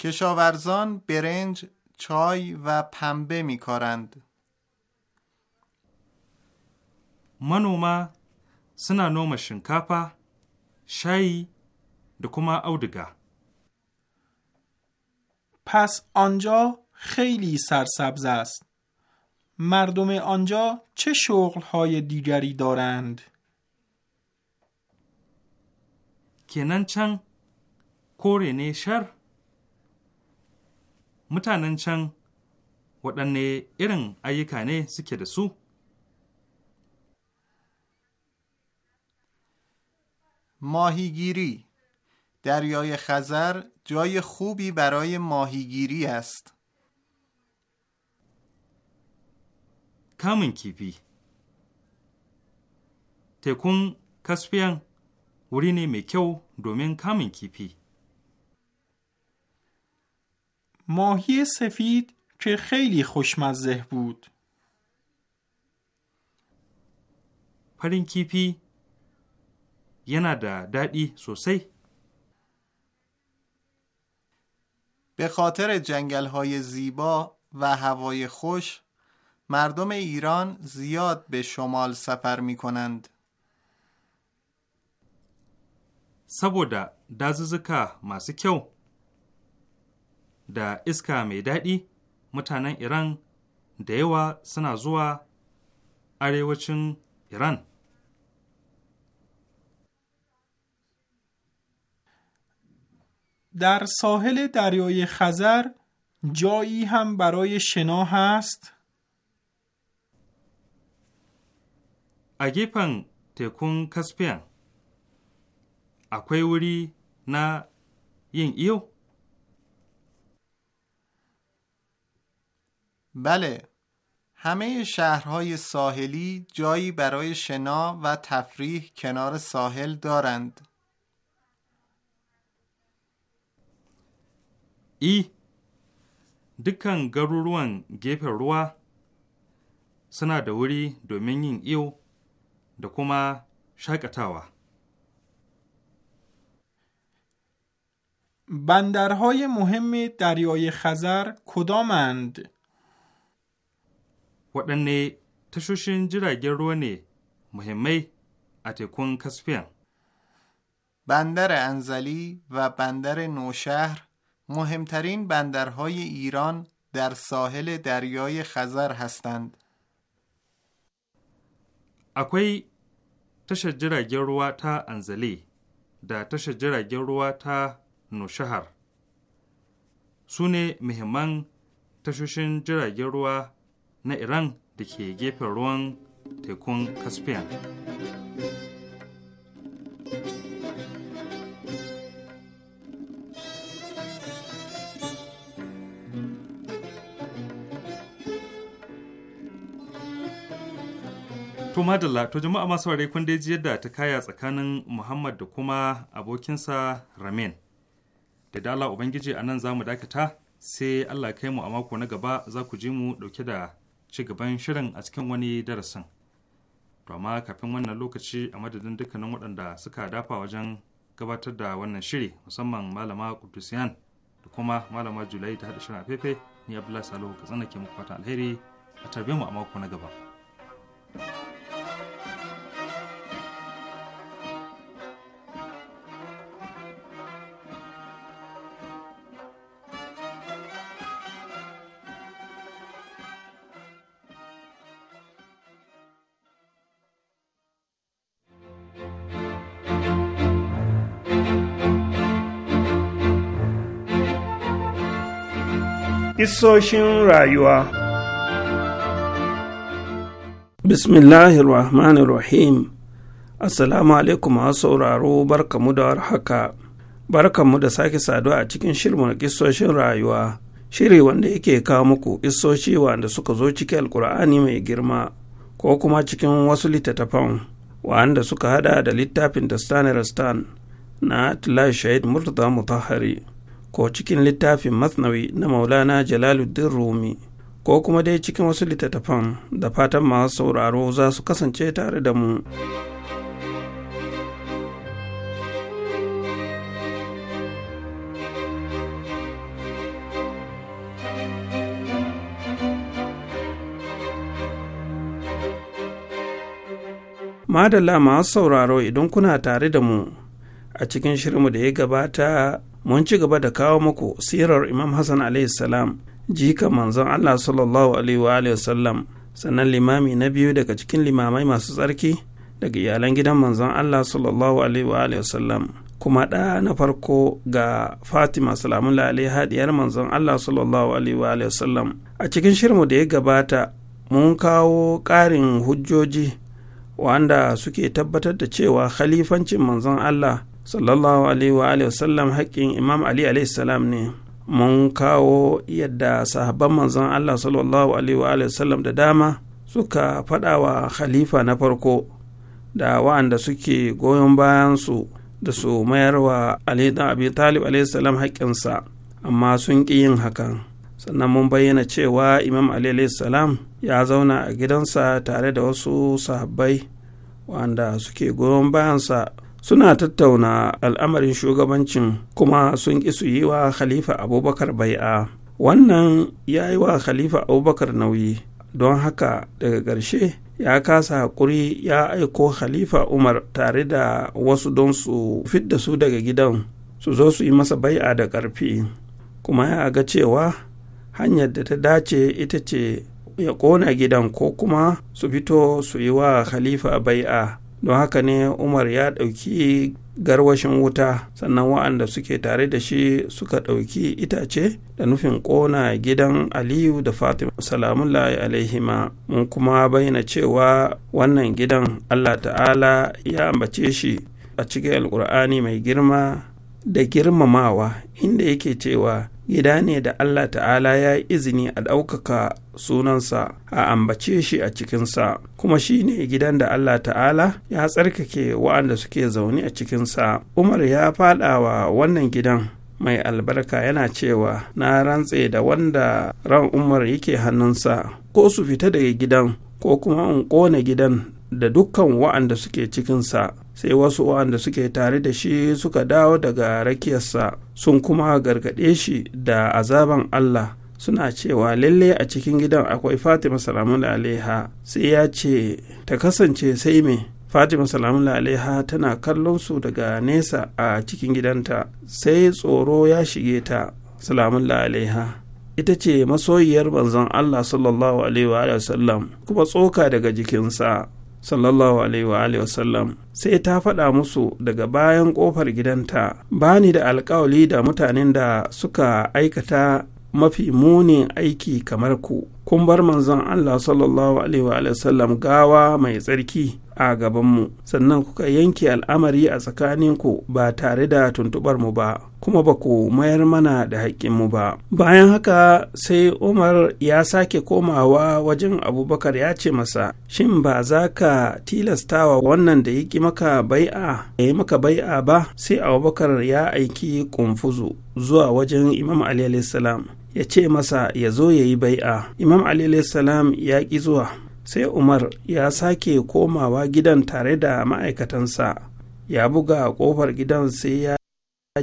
کشاورزان برنج چای و پنبه می کارند. منوما سنا نوم شایی اودگا پس آنجا خیلی سرسبز است. مردم آنجا چه های دیگری دارند؟ کنن چنگ mutanen can waɗanne irin ayyuka ne suke da su ماهیگیری دریای خزر جای خوبی برای ماهیگیری است کامن کیفی تکون کسپیان ورینی میکیو دومین کامن کیفی ماهی سفید که خیلی خوشمزه بود پرین کیپی یه در دادی سوسی به خاطر جنگل های زیبا و هوای خوش مردم ایران زیاد به شمال سفر می کنند. سبودا ماسی کیو da iska mai daɗi mutanen Iran da yawa suna zuwa arewacin Iran. در ساحل دریای خزر جایی هم برای شنا هست؟ اگیپن تکون کسپیان اکوی وری نه ین ایو؟ بله همه شهرهای ساحلی جایی برای شنا و تفریح کنار ساحل دارند ای دکن گروروان گیپ روا سنا دوری wuri ایو دکوما بندرهای مهم دریای خزر کدامند؟ و tashoshin jiragen ruwa ne muhimmai a tekun بندر انزلی و بندر نوشهر مهمترین بندرهای ایران در ساحل دریای خزر هستند. اکوی تشجر گروه تا انزلی دا تشجر گروه تا نوشهر سونه مهمان تشوشین جرا na Iran da ke gefen ruwan tekun Caspian. To madalla to jama'a masu ware kun dai yadda ta kaya tsakanin Muhammad da kuma abokinsa Ramin. Da dala Ubangiji a nan za mu dakata sai Allah kai mu a mako na gaba za ku ji mu dauke da ci gaban shirin a cikin wani darasin. To amma kafin wannan lokaci a madadin dukkanin waɗanda suka dafa wajen gabatar da wannan shiri musamman malama Kudusiyan da kuma malama Julai ta haɗa shirin a fefe ni Abdullahi Salihu ka ke muku fatan alheri a tarbe mu a mako na gaba. thank you Isoshin rayuwa Bismillahir Rahmanir Rahim Assalamu alaikum a sauraro barkamu da warhaka barkamu da sake saduwa a cikin shirin kisoshin rayuwa shiri wanda yake kawo muku isoshi wanda suka zo cikin alkur'ani mai girma ko kuma cikin wasu littattafan wanda suka hada da littafin da stan na Atlas Shahid Murtaza Mutahari ko cikin littafin masnawi na maulana jalaluddin rumi ko kuma dai cikin wasu littattafan da fatan masu sauraro za su kasance tare da mu. Madalla masu sauraro idan kuna tare da mu a cikin shirinmu da ya gabata mun ci gaba da kawo muku sirar imam hassan salam jika manzon allah sallallahu alaihi sallam sannan limami na biyu daga cikin limamai masu tsarki daga iyalan gidan manzon allah sallallahu alaihi sallam kuma ɗa na farko ga fatima salamun lalai hadiyar manzon allah sallallahu alaihi sallam a cikin shirmu da ya gabata mun kawo ƙarin hujjoji wanda suke tabbatar da cewa khalifancin manzon allah sallallahu alaihi wa sallam haƙƙin imam ali alaihi salam ne mun kawo yadda sahabban manzon allah sallallahu alaihi wa sallam da dama suka faɗa wa khalifa na farko da wa'anda suke goyon bayansu da su mayar wa ali da abi talib alaihi salam haƙƙinsa amma sun ƙi yin hakan sannan mun bayyana cewa imam ali salam ya zauna a gidansa tare da wasu sahabbai wanda suke goyon bayansa suna tattauna al'amarin shugabancin kuma sun ƙi su yi wa khalifa abubakar bai'a wannan ya yi wa khalifa abubakar nauyi don haka daga ƙarshe ya kasa haƙuri ya aiko khalifa umar tare da wasu don su fidda su daga gidan su zo su yi masa bai'a da ƙarfi kuma ya ga cewa hanyar da ta dace ita ce ya ƙona gidan ko kuma su fito su yi wa khalifa bai'a don haka ne umar ya ɗauki garwashin wuta sannan wa'anda suke tare da shi suka ɗauki itace da nufin ƙona gidan aliyu da fatima salamullahi alaihima mun kuma bayyana cewa wannan gidan allah ta'ala ya ambace shi a cikin alkur'ani mai girma da girmamawa inda yake cewa gida ne da Allah ta'ala ya yi izini a ɗaukaka sunansa a ambace shi a cikinsa kuma shi ne gidan da Allah ta'ala ya tsarkake wa'anda suke zaune a cikinsa umar ya faɗawa wannan gidan mai albarka yana cewa na rantse da wanda ran umar yake hannunsa ko su fita daga gidan ko kuma in kona gidan da dukkan wa'anda suke cikinsa sai wasu wanda suke tare da shi suka dawo daga rakiyarsa sun kuma gargaɗe shi da azaban Allah suna cewa lalle a cikin gidan akwai Fatima salamun alaiha sai ya ce ta kasance sai me Fatima salamun alaiha tana kallon su daga nesa a cikin gidanta sai tsoro ya shige ta salamun alaiha ita ce masoyiyar manzon Allah sallallahu alaihi wa sallam kuma tsoka daga jikinsa sallallahu alaihi wa wasallam sai ta faɗa musu daga bayan ƙofar gidanta ba ni da alƙawali da mutanen da suka aikata mafi munin aiki kamar ku kun bar manzon Allah sallallahu alaihi wa sallam gawa mai tsarki a gabanmu sannan kuka yanke al'amari a tsakaninku ba tare da tuntubar mu ba kuma ba ku mayar mana da haƙƙinmu ba bayan haka sai umar ya sake komawa wajen abubakar ya ce masa shin ba za ka tilastawa wannan da ya maka bai'a ya maka bai'a ba sai abubakar ya aiki kumfuzu zuwa wajen imam ali salam ya ce masa ya zo ya yi bai'a imam ali salam ya ƙi zuwa sai umar ya sake komawa gidan tare da ma'aikatansa ya buga ƙofar gidan sai ya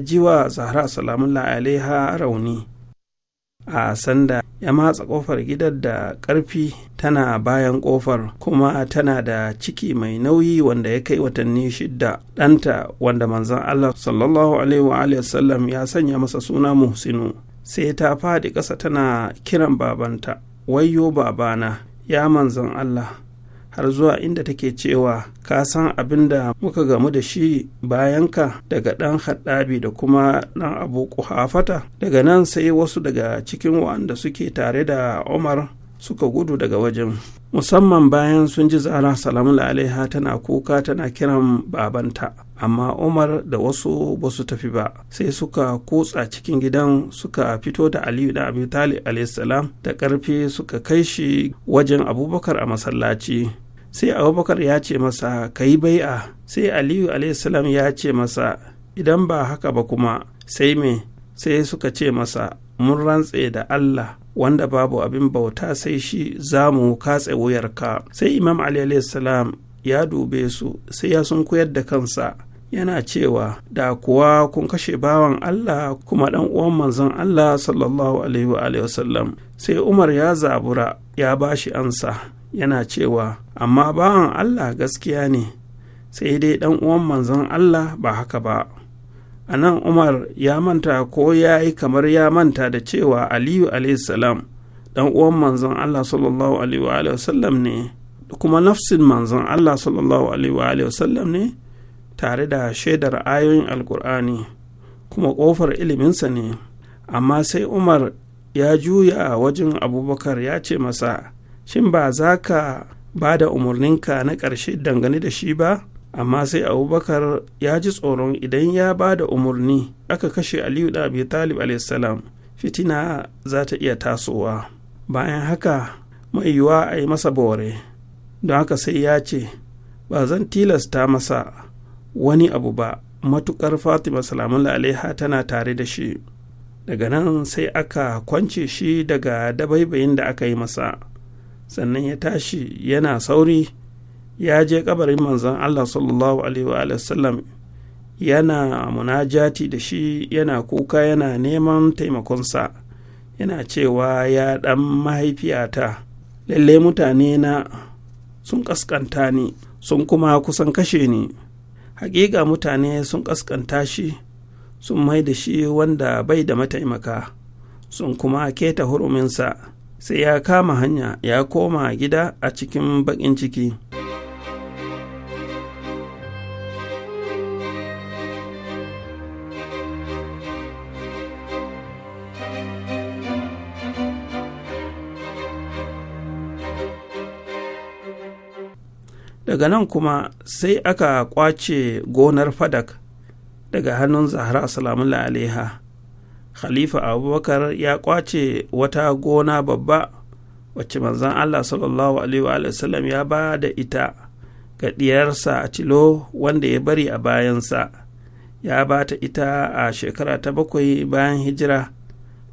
ji wa zahra salamullah alaiha rauni a sanda ya matsa ƙofar gidan da ƙarfi tana bayan ƙofar kuma tana da ciki mai nauyi wanda ya kai watanni shidda ɗanta wanda manzan allah sallallahu alaihi wa sallam ya sanya masa suna muhsinu sai ta faɗi ƙasa tana kiran babanta wayyo babana ya manzon Allah har zuwa inda take cewa ka san abin da muka gamu da shi bayan ka daga ɗan haɗabi da kuma ɗan abu kuhafata daga nan sai wasu daga cikin wa'anda suke tare da Umar suka gudu daga wajen musamman bayan sun ji zara salamu alaiha tana kuka tana kiran babanta amma umar da wasu ba su tafi ba sai suka kutsa cikin gidan suka fito da aliyu da abu talib alaihissalam da karfe suka kai shi wajen abubakar a masallaci sai abubakar ya ce masa ka yi bai'a sai aliyu alaihissalam ya ce masa idan ba haka ba kuma sai me sai suka ce masa mun rantse da allah wanda babu abin bauta sai shi za mu katse ka. sai imam ali salam ya dube su sai ya sun koyar da kansa yana cewa da kuwa kun kashe bawan Allah kuma dan uwan manzon Allah sallallahu alaihi wasallam sai Umar ya zabura ya bashi ansa yana cewa amma bawan Allah gaskiya ne sai dai dan uwan manzon Allah ba haka ba a nan umar ya manta ko ya yi kamar ya manta da cewa aliyu salam dan uwan manzon allah sallallahu alaihi wasallam ne kuma nafsin manzon allah sallallahu alaihi wasallam ne tare da shaidar ayoyin alkur'ani kuma kofar iliminsa ne amma sai umar ya juya wajen abubakar ya ce masa shin ba za ka ba da umarninka na ƙarshe dangane da shi ba amma sai abubakar ya ji tsoron idan ya ba da umarni aka kashe aliyu da abu talib salam fitina za ta iya tasowa bayan haka mai yiwuwa a yi masa bore don haka sai ya ce ba zan tilasta masa wani abu ba matukar fatima salamun alaiha tana tare da shi daga nan sai aka kwance shi daga dabaibayin da aka yi masa sannan ya tashi yana sauri ya je kabarin manzon Allah sallallahu alaihi wa sallam yana munajati da shi yana kuka yana neman taimakonsa yana cewa ya ɗan mahaifiyata lalle mutane na sun ƙasƙanta ni sun kuma kusan kashe ni hakika mutane sun ƙasƙanta shi sun mai da shi wanda bai da mataimaka sun kuma keta huruminsa sai ya kama hanya ya koma gida a cikin baƙin ciki daga nan kuma sai aka kwace gonar fadak daga hannun zahra salamullah alaiha khalifa abubakar ya kwace wata gona babba wacce manzan allah sallallahu alaihi ya ba da ita ga diyarsa a cilo wanda ya bari a bayansa ya ba ta ita a shekara ta bakwai bayan hijira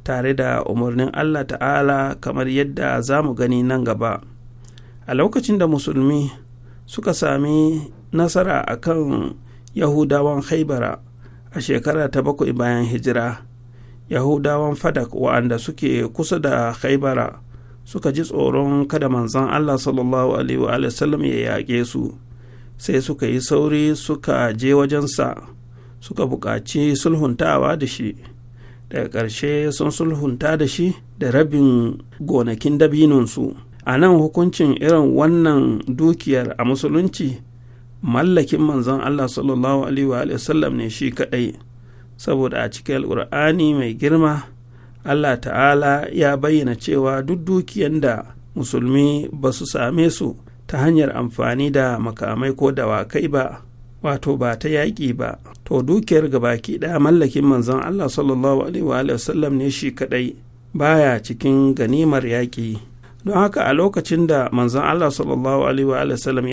tare da umarnin allah ta'ala kamar yadda za mu gani nan gaba a lokacin da musulmi suka sami nasara a kan yahudawan haibara a shekara ta bakwai bayan hijira yahudawan fadak wa'anda suke kusa da haibara suka ji tsoron kada manzan allah sallallahu alaihi wa sallam ya yaƙe su sai suka yi sauri suka je wajensa suka buƙaci sulhuntawa da shi daga ƙarshe sun sulhunta da shi da rabin gonakin dabinonsu a nan hukuncin irin wannan dukiyar a musulunci mallakin manzon Allah sallallahu alaihi wa sallam) ne shi kadai saboda a cikin alkur'ani mai girma Allah ta'ala ya bayyana cewa duk dukiyar da musulmi ba su same su ta hanyar amfani da makamai ko dawakai ba wato ba ta yaƙi ba to dukiyar gabaki ɗaya mallakin manzon Allah sallallahu alaihi wa sallam) ne shi kadai baya cikin ganimar yaƙi don haka a lokacin da manzon allah sallallahu alaihi wa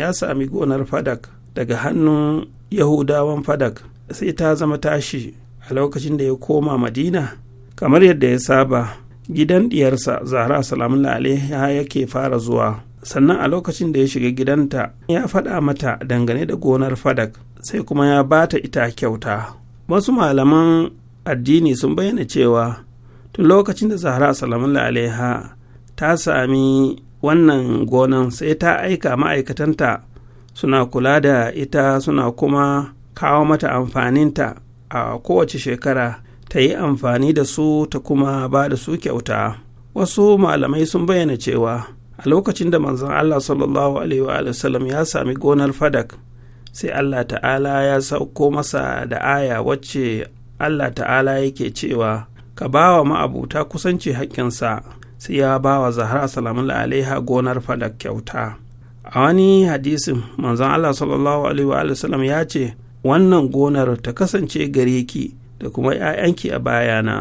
ya sami gonar fadak daga hannun yahudawan fadak sai ta zama tashi a lokacin da ya koma madina kamar yadda ya saba gidan diyarsa zahra salamullah alaiha yake fara zuwa sannan a lokacin da ya shiga gidanta ya faɗa mata dangane da gonar fadak sai kuma ya bata ita kyauta wasu malaman addini sun bayyana cewa tun lokacin da zahra Salamun alaiha ta sami wannan gonan sai ta aika ma'aikatanta suna kula da ita suna kuma kawo mata amfaninta a kowace shekara ta yi amfani da su ta kuma ba da su kyauta wasu malamai sun bayyana cewa a lokacin da manzon Allah sallallahu alaihi wasallam ya sami gonar fadak sai Allah ta'ala ya sauko masa da aya wacce Allah ta'ala yake cewa ka ba wa ma'abuta kusanci haƙƙinsa sai ya ba wa zahra salamun alaiha gonar fada kyauta a wani hadisin manzon allah sallallahu alaihi wa sallam ya ce wannan gonar ta kasance gare ki da kuma 'ya'yanki a bayana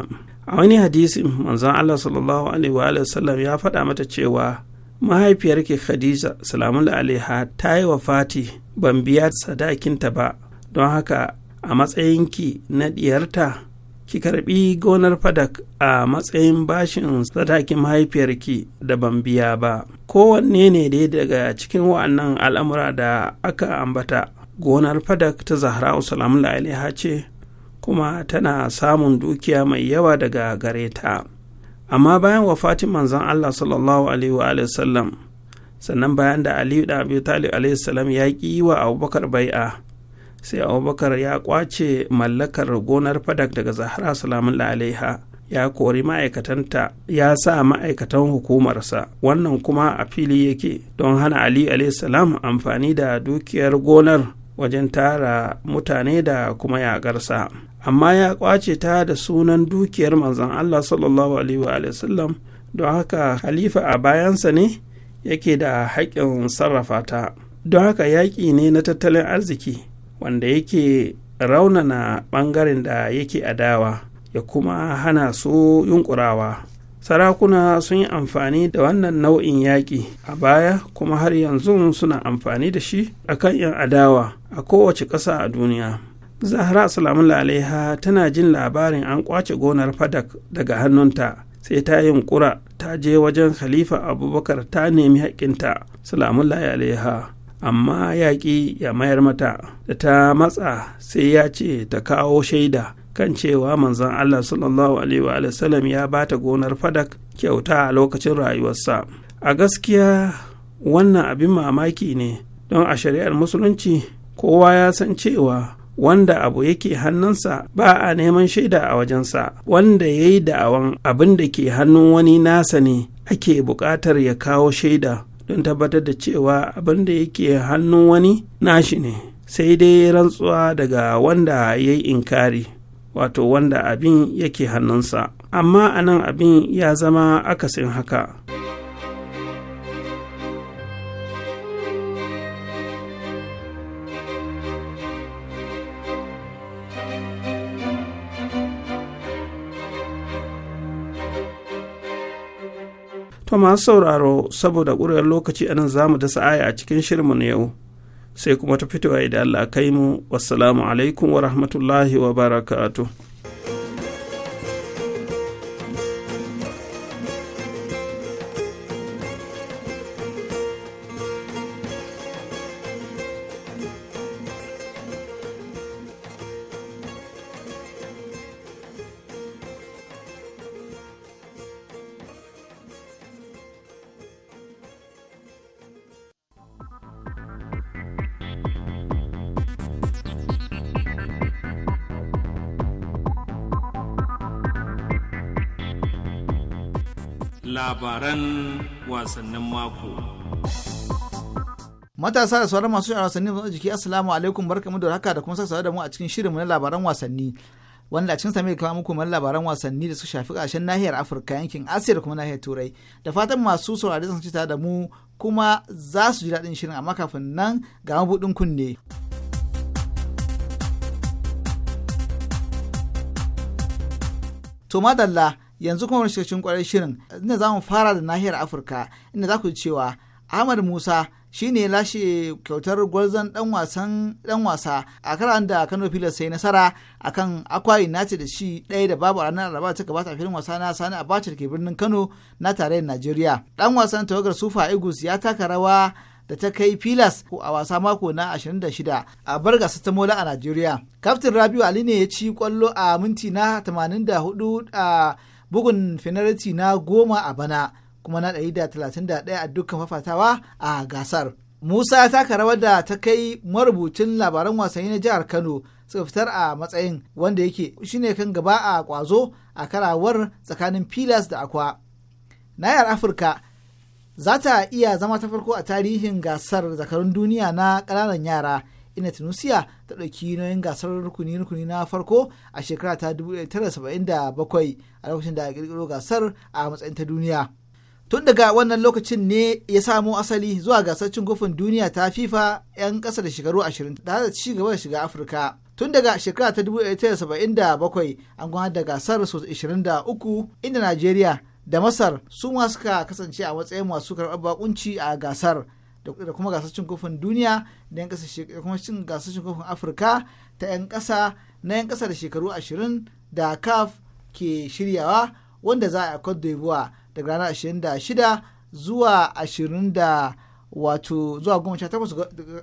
a wani hadisin manzon allah sallallahu alaihi wa sallam ya faɗa mata cewa mahaifiyarki khadija salamun alaiha ta yi wa fati ban biya sadakinta ba don haka a matsayinki na diyarta ki karbi gonar fadak a matsayin bashin sadakin mahaifiyarki da ban biya ba kowanne ne dai daga cikin wa'annan al'amura da aka ambata gonar fadak ta zahra salamun la'aliha ce kuma tana samun dukiya mai yawa daga gare ta amma bayan wafatin manzon allah sallallahu alaihi wa sallam sannan bayan da aliyu da abu talib alaihi salam ya ƙi wa abubakar bai'a sai abubakar ya kwace mallakar gonar fadak daga zahra salamun alaiha ya kori ma'aikatanta ya sa ma'aikatan hukumarsa wannan kuma a fili yake don hana ali salam amfani da dukiyar gonar wajen tara mutane da kuma yaƙarsa amma ya kwace ta da sunan dukiyar manzan allah sallallahu alaihi wa sallam don haka halifa a bayansa ne yake da haƙƙin sarrafa ta don haka yaƙi ne na tattalin arziki wanda yake raunana ɓangaren da yake adawa ya kuma hana su yunkurawa sarakuna sun yi amfani da wannan nau'in yaƙi a baya kuma har yanzu suna amfani da shi a kan 'yan adawa a kowace ƙasa a duniya zahra salamun alaiha tana jin labarin an ƙwace gonar fadak daga hannunta sai ta yunkura ta je wajen khalifa abubakar ta nemi haƙƙinta salamun alaiha amma ya ƙi ya mayar mata da ta matsa sai ya ce ta kawo shaida kan cewa manzon Allah sallallahu alaihi wa sallam ya bata gonar fadak kyauta a lokacin rayuwarsa a gaskiya wannan abin mamaki ne don a shari'ar musulunci kowa ya san cewa wanda abu yake hannunsa ba a neman shaida a wajensa wanda ya yi da'awan abin da ke hannun wani nasa ne ake buƙatar ya kawo shaida don tabbatar da cewa abin da yake hannun wani nashi ne sai dai rantsuwa daga wanda ya yi inkari wato wanda abin yake hannunsa amma anan abin ya zama akasin haka. To masu sauraro saboda ƙuriyar lokaci anan za mu dasa aya a cikin shirinmu na yau sai kuma ta fitowa idan Allah kai mu wassalamu alaikum wa rahmatullahi wa barakatu. labaran wasannin mako. Matasa da sauran masu shirin wasanni motsa jiki Assalamu alaikum barkamu da haka da kuma sassa da mu a cikin shirinmu na labaran wasanni. Wanda a cikin sami kawo muku mai labaran wasanni da su shafi ƙarshen nahiyar Afirka yankin Asiya da kuma nahiyar Turai. Da fatan masu saurari sun ci da mu kuma za su ji daɗin shirin amma kafin nan ga mabuɗin kunne. To madalla yanzu kuma wani cikin kwarar shirin inda za mu fara da nahiyar afirka inda za ku ji cewa ahmad musa shine lashe kyautar gwarzon dan wasan dan wasa a karan da kano filas sai nasara akan akwa united da shi ɗaya da babu ranar araba ta gabata a filin wasa na sani a da ke birnin kano na tarayyar najeriya dan wasan tawagar sufa eagles ya taka rawa da ta kai filas a wasa mako na 26 a barga mola a najeriya kaftin rabiu ali ne ya ci kwallo a minti na 84 a bugun fenariti na goma a bana kuma na 131 a dukkan fafatawa a gasar. Musa ya taka rawar da ta kai marubucin labaran wasanni na jihar Kano suka fitar a matsayin wanda yake shine kan gaba a kwazo a karawar tsakanin Pilas da Akwa. Nayar Afirka za ta iya zama ta farko a tarihin gasar zakarun duniya na ƙananan yara inda tunisia ta ɗauki nauyin gasar rukuni rukuni na farko a shekara ta 1977 a lokacin da ƙirƙiro gasar a matsayin ta duniya tun daga wannan lokacin ne ya samo asali zuwa gasar cin kofin duniya ta fifa 'yan ƙasa da shekaru 20 da ci gaba da shiga afirka tun daga shekara ta 1977 an gudanar da gasar sau 23 inda najeriya da masar su ma suka kasance a matsayin masu karɓar bakunci a gasar da kuma gasar cin kofin duniya da kuma cin gasar cin kofin afirka ta 'yan kasa na 'yan ƙasa da shekaru ashirin da kaf ke shiryawa wanda za a cote d'ivoire daga ranar 26 zuwa 20 da wato zuwa 18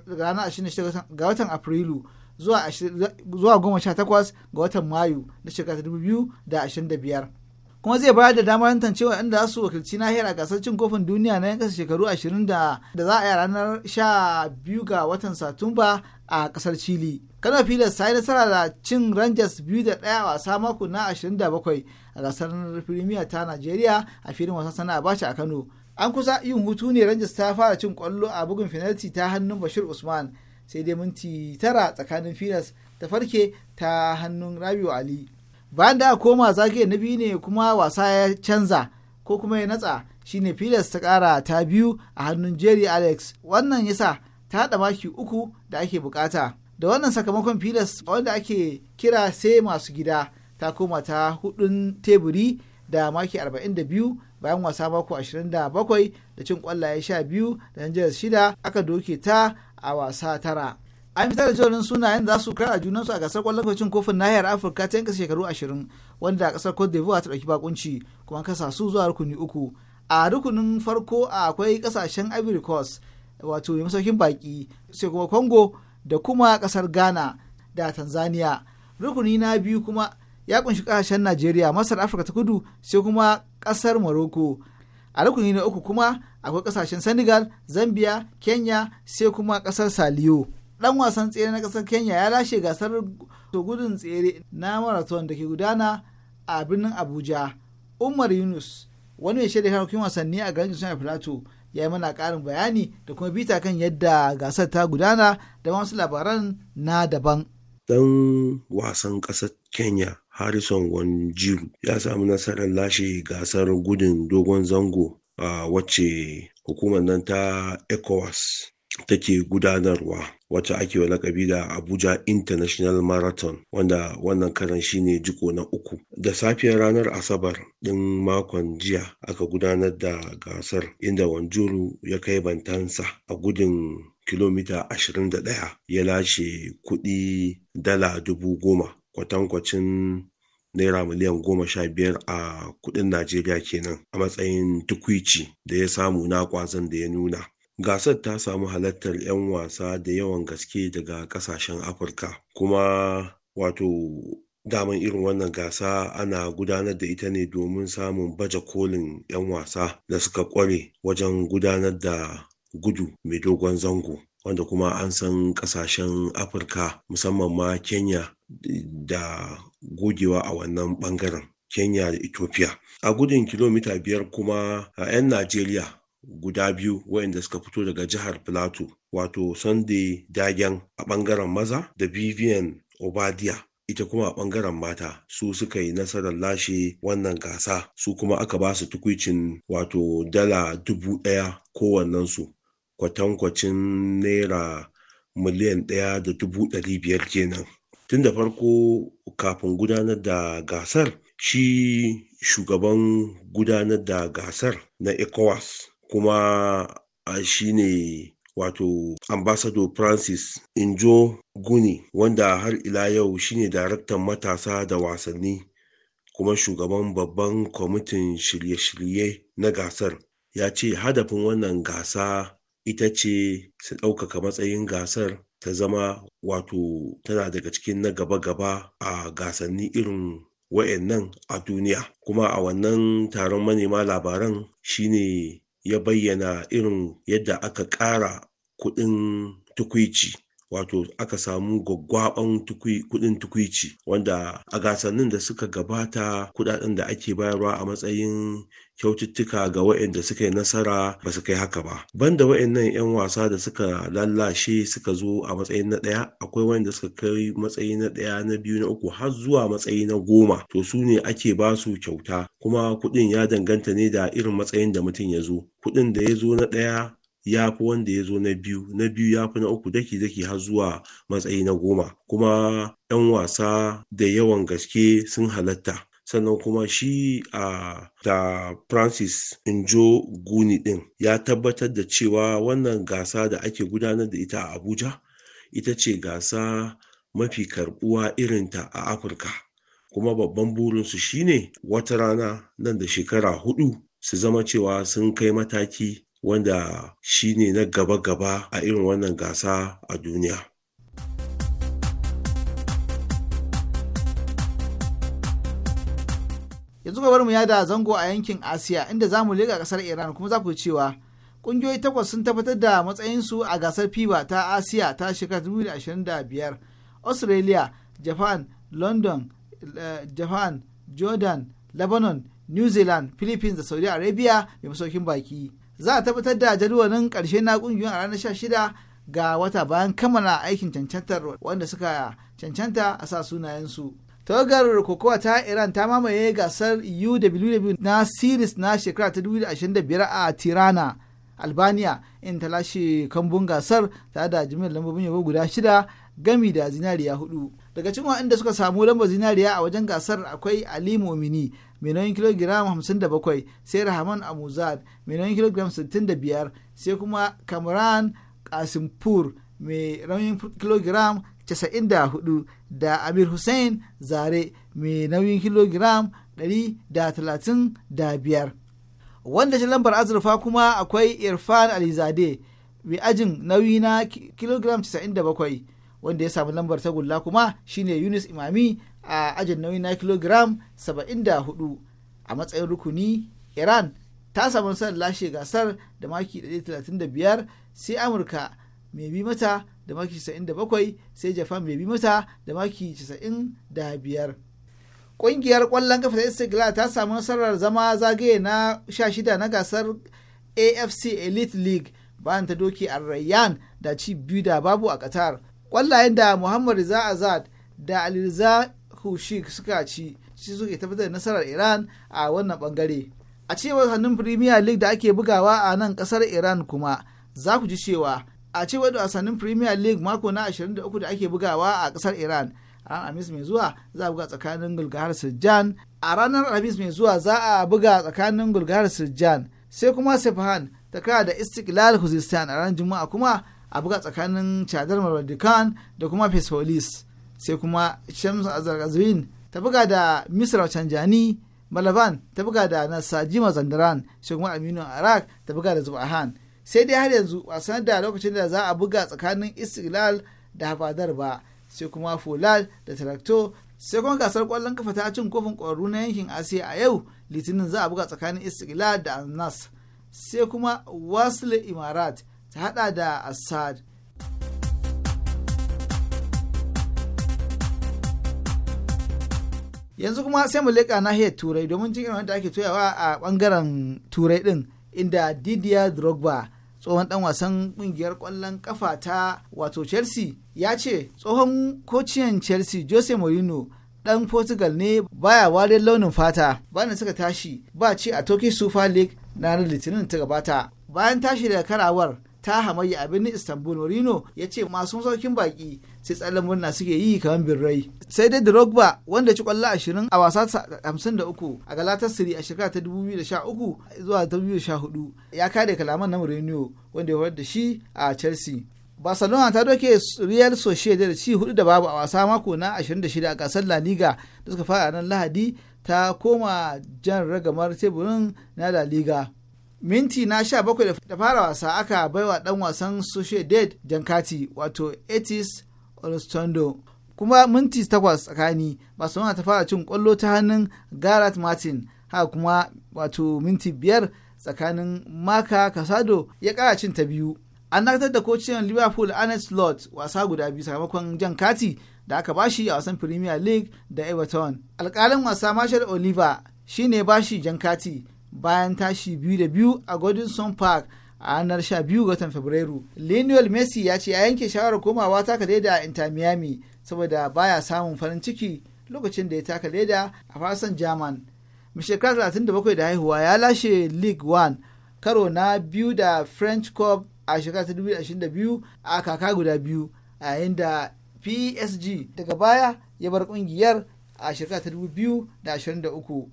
daga ranar 26 ga watan afrilu zuwa 18 ga watan mayu na shekara 2025 kuma zai bayar da damar tantance waɗanda za su wakilci nahiyar a gasar cin kofin duniya na yankasa shekaru 20 da za a yi ranar 12 ga watan satumba a kasar chile kano pilas sai yi nasara da cin rangers biyu da ɗaya wasa mako na 27 a gasar firimiya ta nigeria a filin wasan sana abacha a kano an kusa yin hutu ne rangers ta fara cin kwallo a bugun finalti ta hannun bashir usman sai dai minti tara tsakanin filas ta farke ta hannun rabiu ali bayan da koma zagaye na biyu ne kuma wasa ya canza ko kuma ya natsa shine Pilas ta kara ta biyu a hannun Jerry Alex wannan yasa ta hada maki uku da ake bukata da wannan sakamakon Pilas wanda ake kira sai masu gida ta koma ta hudun teburi da maki 42 bayan wasa mako 27 da cin kwallaye 12 da Rangers 6 aka doke ta a wasa tara. an fitar da jerin sunayen da za su kara junansu a gasar kwallon kwacin kofin nahiyar afirka ta yanka shekaru ashirin wanda a kasar cote d'ivoire ta ɗauki bakunci kuma kasa su zuwa rukuni uku a rukunin farko akwai kasashen ivory coast wato mai masaukin baki sai kuma congo da kuma kasar ghana da tanzania rukuni na biyu kuma ya kunshi kasashen nigeria masar afirka ta kudu sai kuma kasar morocco a rukuni na uku kuma akwai kasashen senegal zambia kenya sai kuma kasar saliyo dan wasan tsere na kasar kenya ya lashe gasar gudun tsere na marathon da ke gudana a birnin abuja umar yunus wani mai shirya harkokin wasanni a garin jisun plateau ya yi mana karin bayani da kuma bita kan yadda gasar ta gudana da wasu labaran na daban dan wasan kasar kenya harrison wanjiru ya samu nasarar lashe gasar gudun dogon zango a wacce hukumar nan ta ecowas take gudanarwa wacce ake wa lakabi da Abuja International Marathon wanda wannan karan shine jiko na uku. Da safiyar ranar Asabar ɗin makon jiya aka gudanar da gasar inda Wanjuru ya kai bantansa a gudun kilomita ashirin da 21 ya lashe kuɗi dala dubu goma kwatankwacin naira miliyan goma sha biyar a kudin najeriya kenan a matsayin tukwici da ya samu na kwazon da ya nuna Gasar ta samu halartar 'yan wasa da yawan gaske daga kasashen Afirka, kuma wato daman irin wannan gasa ana gudanar da ita ne domin samun baje kolin 'yan wasa da suka kware wajen gudanar da gudu mai dogon zango. wanda kuma an san kasashen afirka musamman ma kenya da gogewa a wannan bangaren kenya da ethiopia a gudun kilomita biyar kuma a 'yan najeriya guda biyu waɗanda suka fito daga jihar Plateau wato Sunday Dagen a ɓangaren maza da Vivian Obadia ita kuma a ɓangaren mata su suka yi nasarar lashe wannan gasa su kuma aka ba su tukwicin wato dala dubu ɗaya kowannensu kwatankwacin naira miliyan ɗaya da dubu ɗari biyar kenan tun da farko kafin gudanar da gasar shi shugaban gudanar da gasar na ecowas kuma shi ne wato ambassador francis injo guni wanda har ila yau shine daraktan matasa da wasanni kuma shugaban babban kwamitin shirye-shirye na gasar ya ce hadafin wannan gasa ita ce su ɗaukaka matsayin gasar ta zama wato tana daga cikin na gaba-gaba a gasanni irin wayannan a duniya kuma a wannan taron manema labaran shine ya bayyana irin yadda aka ƙara kuɗin tukwici wato aka samu gwaggwaban kuɗin tukwici wanda a gasannin da suka gabata kuɗaɗen da ake bayarwa a matsayin kyaututtuka ga waɗanda suka yi nasara ba su kai haka ba banda waɗannan 'yan wasa da suka lallashe suka zo a matsayin na ɗaya akwai waɗanda suka kai matsayi na ɗaya na biyu na uku har zuwa matsayi na goma to su ne ake ba su kyauta kuma kuɗin ya danganta ne da irin matsayin da mutum ya zo kuɗin da ya zo na ɗaya ya fi wanda ya zo na biyu na biyu ya fi na uku daki daki har zuwa matsayi na goma kuma 'yan wasa da yawan gaske sun halatta sannan kuma shi a da francis injo guni din ya tabbatar da cewa wannan gasa da ake gudanar da ita a abuja ita ce gasa mafi karbuwa irinta a afirka kuma babban burinsu shine wata rana nan da shekara hudu su zama cewa sun kai mataki wanda shine na gaba-gaba a irin wannan gasa a duniya yanzu ka bar mu yada zango a yankin asiya inda za mu leƙa ƙasar iran kuma za ku cewa ƙungiyoyi takwas sun tabbatar da matsayinsu a gasar fiba ta asiya ta shekara 2025 australia japan london eh, japan jordan lebanon new zealand philippines da saudi arabia mai masaukin baki za a tabbatar da jadawalin ƙarshe na ƙungiyoyin a ranar 16 ga wata bayan kammala aikin cancantar wanda suka cancanta a sa sunayensu togar kokowa ta iran ta mamaye gasar uww na series na shekara ta 2025 a tirana albania in ta lashe kambun gasar ta da jimillar lambobin yabo guda shida gami da zinariya hudu daga cikin waɗanda suka samu lambar zinariya a wajen gasar akwai ali momini mai nauyin kilogiram 57 sai rahman amuzad mai nauyin kilogiram 65 sai kuma kamran kasimpur mai nauyin kilogiram 94 da Amir Hussein Zare mai nauyin kilogiram biyar. Wanda shi lambar azurfa kuma akwai Irfan Alizade mai ajin nauyi na kilogiram 97 wanda ya samu lambar tagulla kuma shine Yunus Imami a ajin nauyi na kilogiram 74 a matsayin rukuni Iran ta samu nasarar lashe gasar da maki 135 sai Amurka mai bi mata da maki 97 sai japan mai bi mata da maki biyar. ƙungiyar ƙwallon kafa ta istiklal ta samu nasarar zama zagaye na sha shida na gasar afc elite league bayan ta doki a rayyan da ci biyu da babu a qatar ƙwallayen da muhammad riza azad da alirza hushik suka ci shi suke tabbatar da nasarar iran a wannan bangare a cewar hannun premier league da ake bugawa a nan ƙasar iran kuma za ku ji cewa a cewar da wasannin premier league mako na 23 da ake bugawa a kasar iran a ranar alhamis mai zuwa za a buga tsakanin gulgahar sirjan a ranar alhamis mai zuwa za a buga tsakanin gulgahar sirjan sai kuma sefahan ta kara da istiklal huzistan a ranar juma'a kuma a buga tsakanin chadar maradikan da kuma fesfolis sai kuma shams azargazwin ta buga da misra canjani malaban ta buga da nasaji mazandaran sai kuma aminu arak ta buga da zubahan sai dai har yanzu ba sanar da lokacin da za a buga tsakanin istiklal da hafadar ba sai kuma folal da tarakto sai kuma gasar kwallon kafa ta cin kofin ƙwararru na yankin asiya a yau litinin za a buga tsakanin istiklal da annas sai kuma wasle imarat ta hada da assad yanzu kuma sai mu leƙa nahiyar turai domin jin da ake toyawa a bangaren turai ɗin inda didier drogba tsohon dan wasan kungiyar kwallon kafa ta wato chelsea ya ce tsohon kociyan chelsea jose mourinho dan portugal ne baya ware launin fata bayan suka tashi ba ce a turkish super league na litinin ta gabata bayan tashi daga karawar ta hamayya a birnin istanbul mourinho ya ce masu masaukin baki sai tsallan murna suke yi kamar birrai sai dai drogba wanda ci kwallo 20 a wasa 53 a galatasaray a shekara ta 2013 zuwa 2014 ya kare kalaman na mourinho wanda ya horar da shi a chelsea barcelona ta doke real sociedad da ci hudu da babu a wasa mako na 26 a gasar la liga da suka fara nan lahadi ta koma jan ragamar teburin na la liga minti na sha bakwai da fara wasa aka baiwa dan wasan sociedad jankati wato etis Olustondo kuma minti takwas tsakani Barcelona ta fara cin kwallo ta hannun Gareth Martin haka kuma wato minti biyar tsakanin Maka Casado ya kara cin ta biyu. An dakatar da kocin Liverpool Arne Slot wasa guda biyu sakamakon jan kati da aka bashi a wasan Premier League da Everton. Alƙalin wasa Marshall Oliver shine bashi jan kati bayan tashi biyu da biyu a Godinson Park a ranar 12 ga watan Fabrairu. Lionel Messi ya ce ya yanke shawarar komawa taka leda a Inter Miami saboda baya samun farin ciki lokacin da ya taka leda a fasan German. Mai shekara 37 da haihuwa ya lashe League One karo na biyu da French Cup a shekara 2022 a kaka guda biyu a yayin da PSG daga baya ya bar kungiyar a shekara 2023.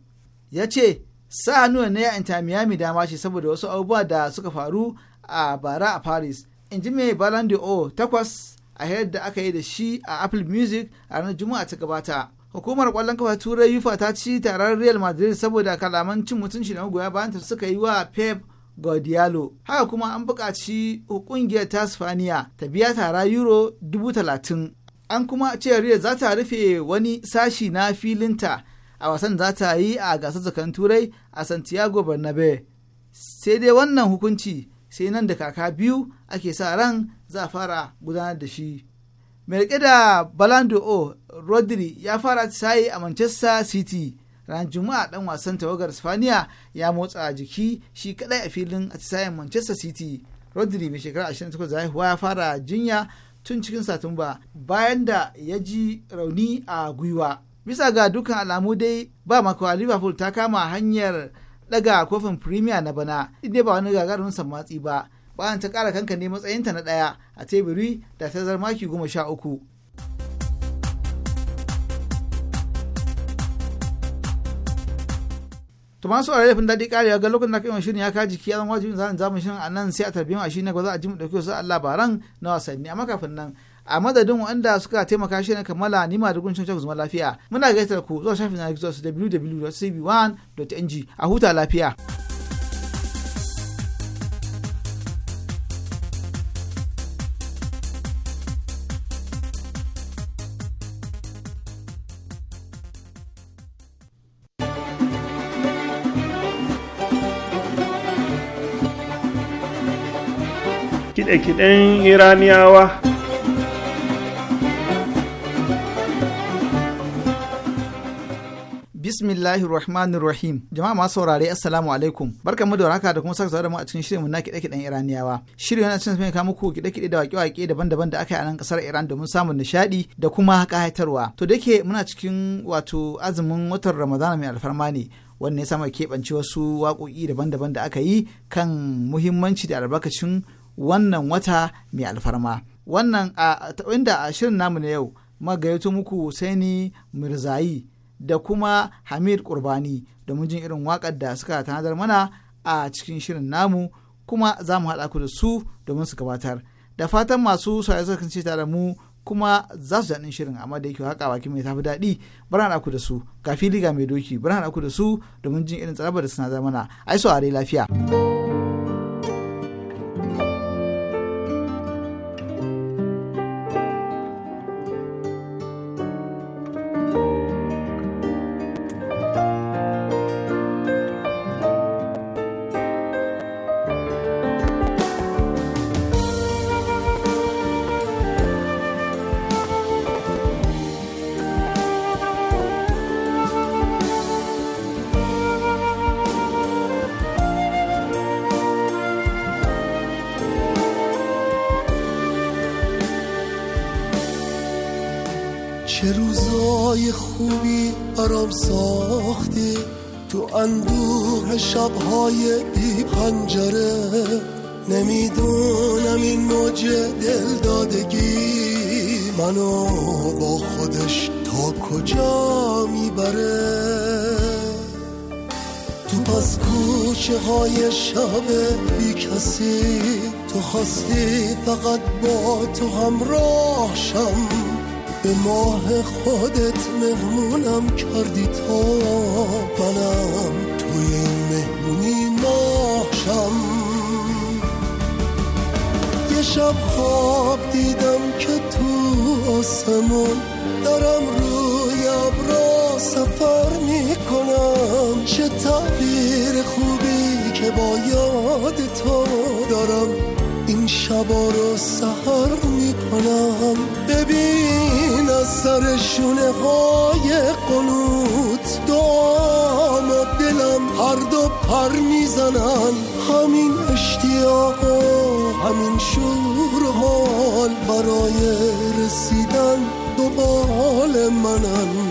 Ya ce sa hannuwa ne in ta miami dama ce saboda wasu abubuwa da suka faru a bara a paris in ji mai ballon d'or takwas a yadda da aka yi da shi a apple music a ranar juma'a ta gabata hukumar kwallon kafa turai yufa ta ci tarar real madrid saboda kalaman cin mutunci na magoya bayan ta suka yi wa pep guardiola haka kuma an buƙaci kungiyar ta spaniya ta biya tara euro dubu talatin an kuma ce real za ta rufe wani sashi na filinta a wasan za ta yi a gasar zakan turai a santiago bernabe sai dai wannan hukunci sai nan da kaka biyu ake sa ran za a fara gudanar da shi mai rike da balando o rodri ya fara sayi a manchester city ran juma'a dan wasan tawagar spaniya ya motsa jiki shi kadai a filin atisayen manchester city rodri mai shekara 28 da haihuwa ya fara jinya tun cikin satumba bayan da ya ji rauni a gwiwa bisa ga dukkan alamu dai ba makawa liverpool ta kama hanyar daga kofin premier na bana dai ba wani gagarumin sammatsi ba bayan ta kara kanka ne matsayinta na daya a teburi da ta zar maki goma sha uku to masu a rarrafin daɗi ƙarewa ga lokacin da kai shirin ya kaji jiki ya wajibin zanen zamu shirin a nan sai a tarbiyyar a shi ne ba za a ji mu ɗauki wasu labaran na wasanni amma kafin nan a madadin wanda suka taimaka shi ne kammala nima da gunshin shakku zama lafiya muna gaitar ku zuwa shafin na gizo www.cb1.ng a huta lafiya. kiɗe-kiɗen iraniyawa Bismillahir Rahmanir Rahim. Jama'a masu saurare Assalamu alaikum. Barkanmu da warhaka da kuma saka saurare mu a cikin shirin mu na kiɗe-kiɗen Iraniyawa. Shirin yana cikin mai kawo muku kiɗe-kiɗe da waƙe-waƙe daban-daban da aka yi a nan kasar Iran domin samun nishaɗi da kuma ƙayatarwa. To da yake muna cikin wato azumin watan Ramadan mai alfarma ne. Wannan ya sama keɓance wasu waƙoƙi daban-daban da aka yi kan muhimmanci da albarkacin wannan wata mai alfarma. Wannan a inda a shirin namu na yau ma gayyato muku Husaini Mirzayi da kuma Hamid Kurbani domin jin irin waƙar da suka tanadar mana a cikin shirin namu kuma za mu haɗa ku da su domin su gabatar. Da fatan masu saurari suka kasance tare mu kuma za su daɗin shirin amma da yake haka baki mai tafi daɗi bari haɗa ku da su ga fili ga mai doki bari haɗa ku da su domin jin irin tsarabar da suna zamana ai saurari lafiya. ساختی تو اندوه شبهای بی پنجره نمیدونم این موج دل دادگی منو با خودش تا کجا میبره تو پس کوچه های شب بی کسی تو خواستی فقط با تو همراه شم به ماه خودت مهمونم کردی تا منم توی این مهمونی ماشم یه شب خواب دیدم که تو آسمون دارم روی ابرا سفر میکنم چه تعبیر خوبی که با یاد تو دارم این شبا رو سهر میکنم ببین سر شونه های قلوت و دلم هر دو پر میزنن همین اشتیاق و همین شور حال برای رسیدن دو بال منن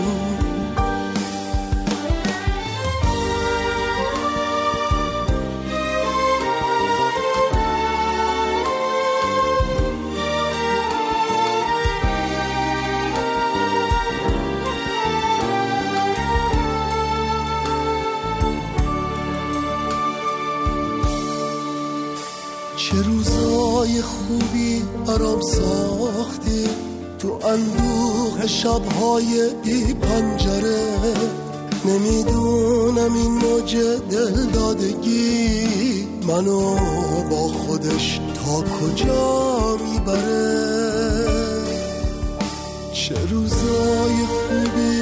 شبهای بی پنجره نمیدونم این موج دل دادگی منو با خودش تا کجا میبره چه روزای خوبی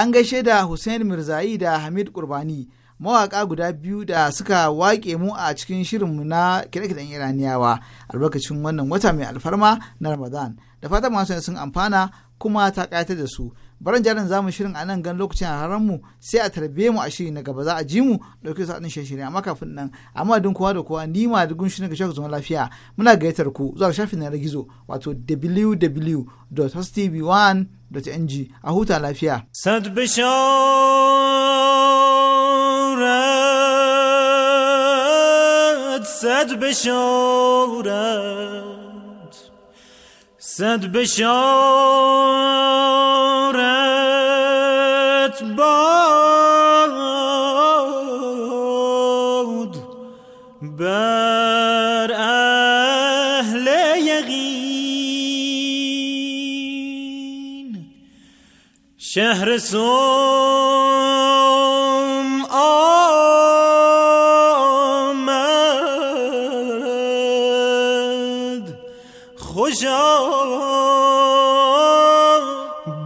an gaishe da hussein mirzayi da hamid kurbani mawaka guda biyu da suka waƙe mu a cikin shirinmu na kiɗe-kiɗen iraniyawa albarkacin wannan wata mai alfarma na ramadan da fatan masu sun amfana kuma ta ƙayatar da su baran jarin mu shirin a nan gan lokacin haran mu sai a tarbe mu a shiri na gaba za a ji mu dauke su a ɗin shirin amma kafin nan amma don kowa da kowa ni ma dugun shirin ga shaka zama lafiya muna gayyatar ku zuwa shafin na gizo wato www.hostv1 ng a huta lafiya. Sad بشارت بشارت شهر سوم آمد خوشا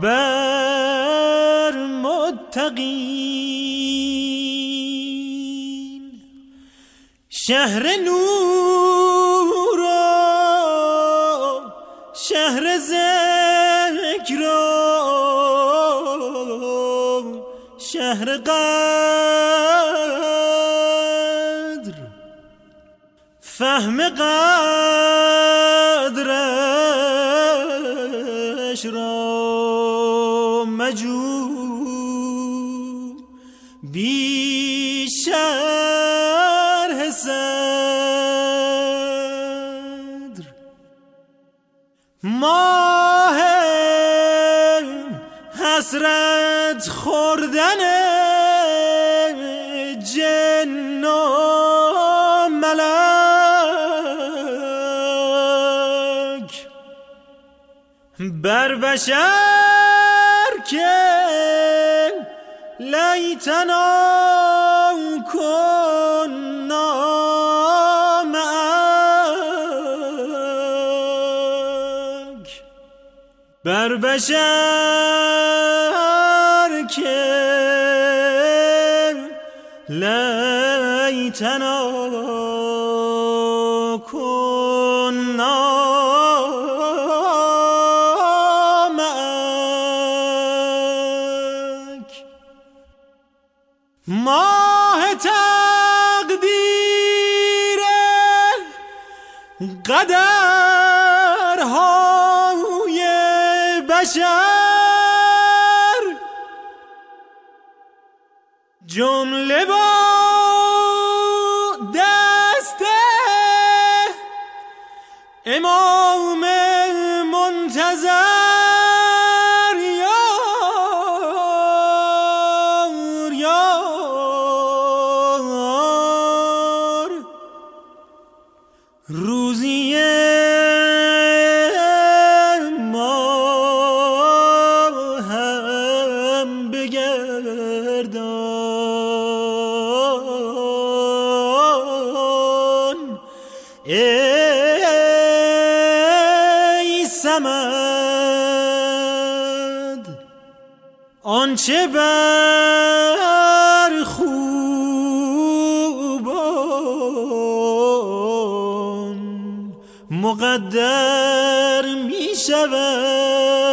بر متقین شهر قدر فهم قدر در بشر که لیتنا کننا بر بشر که لیتنا قدر مقدر می شود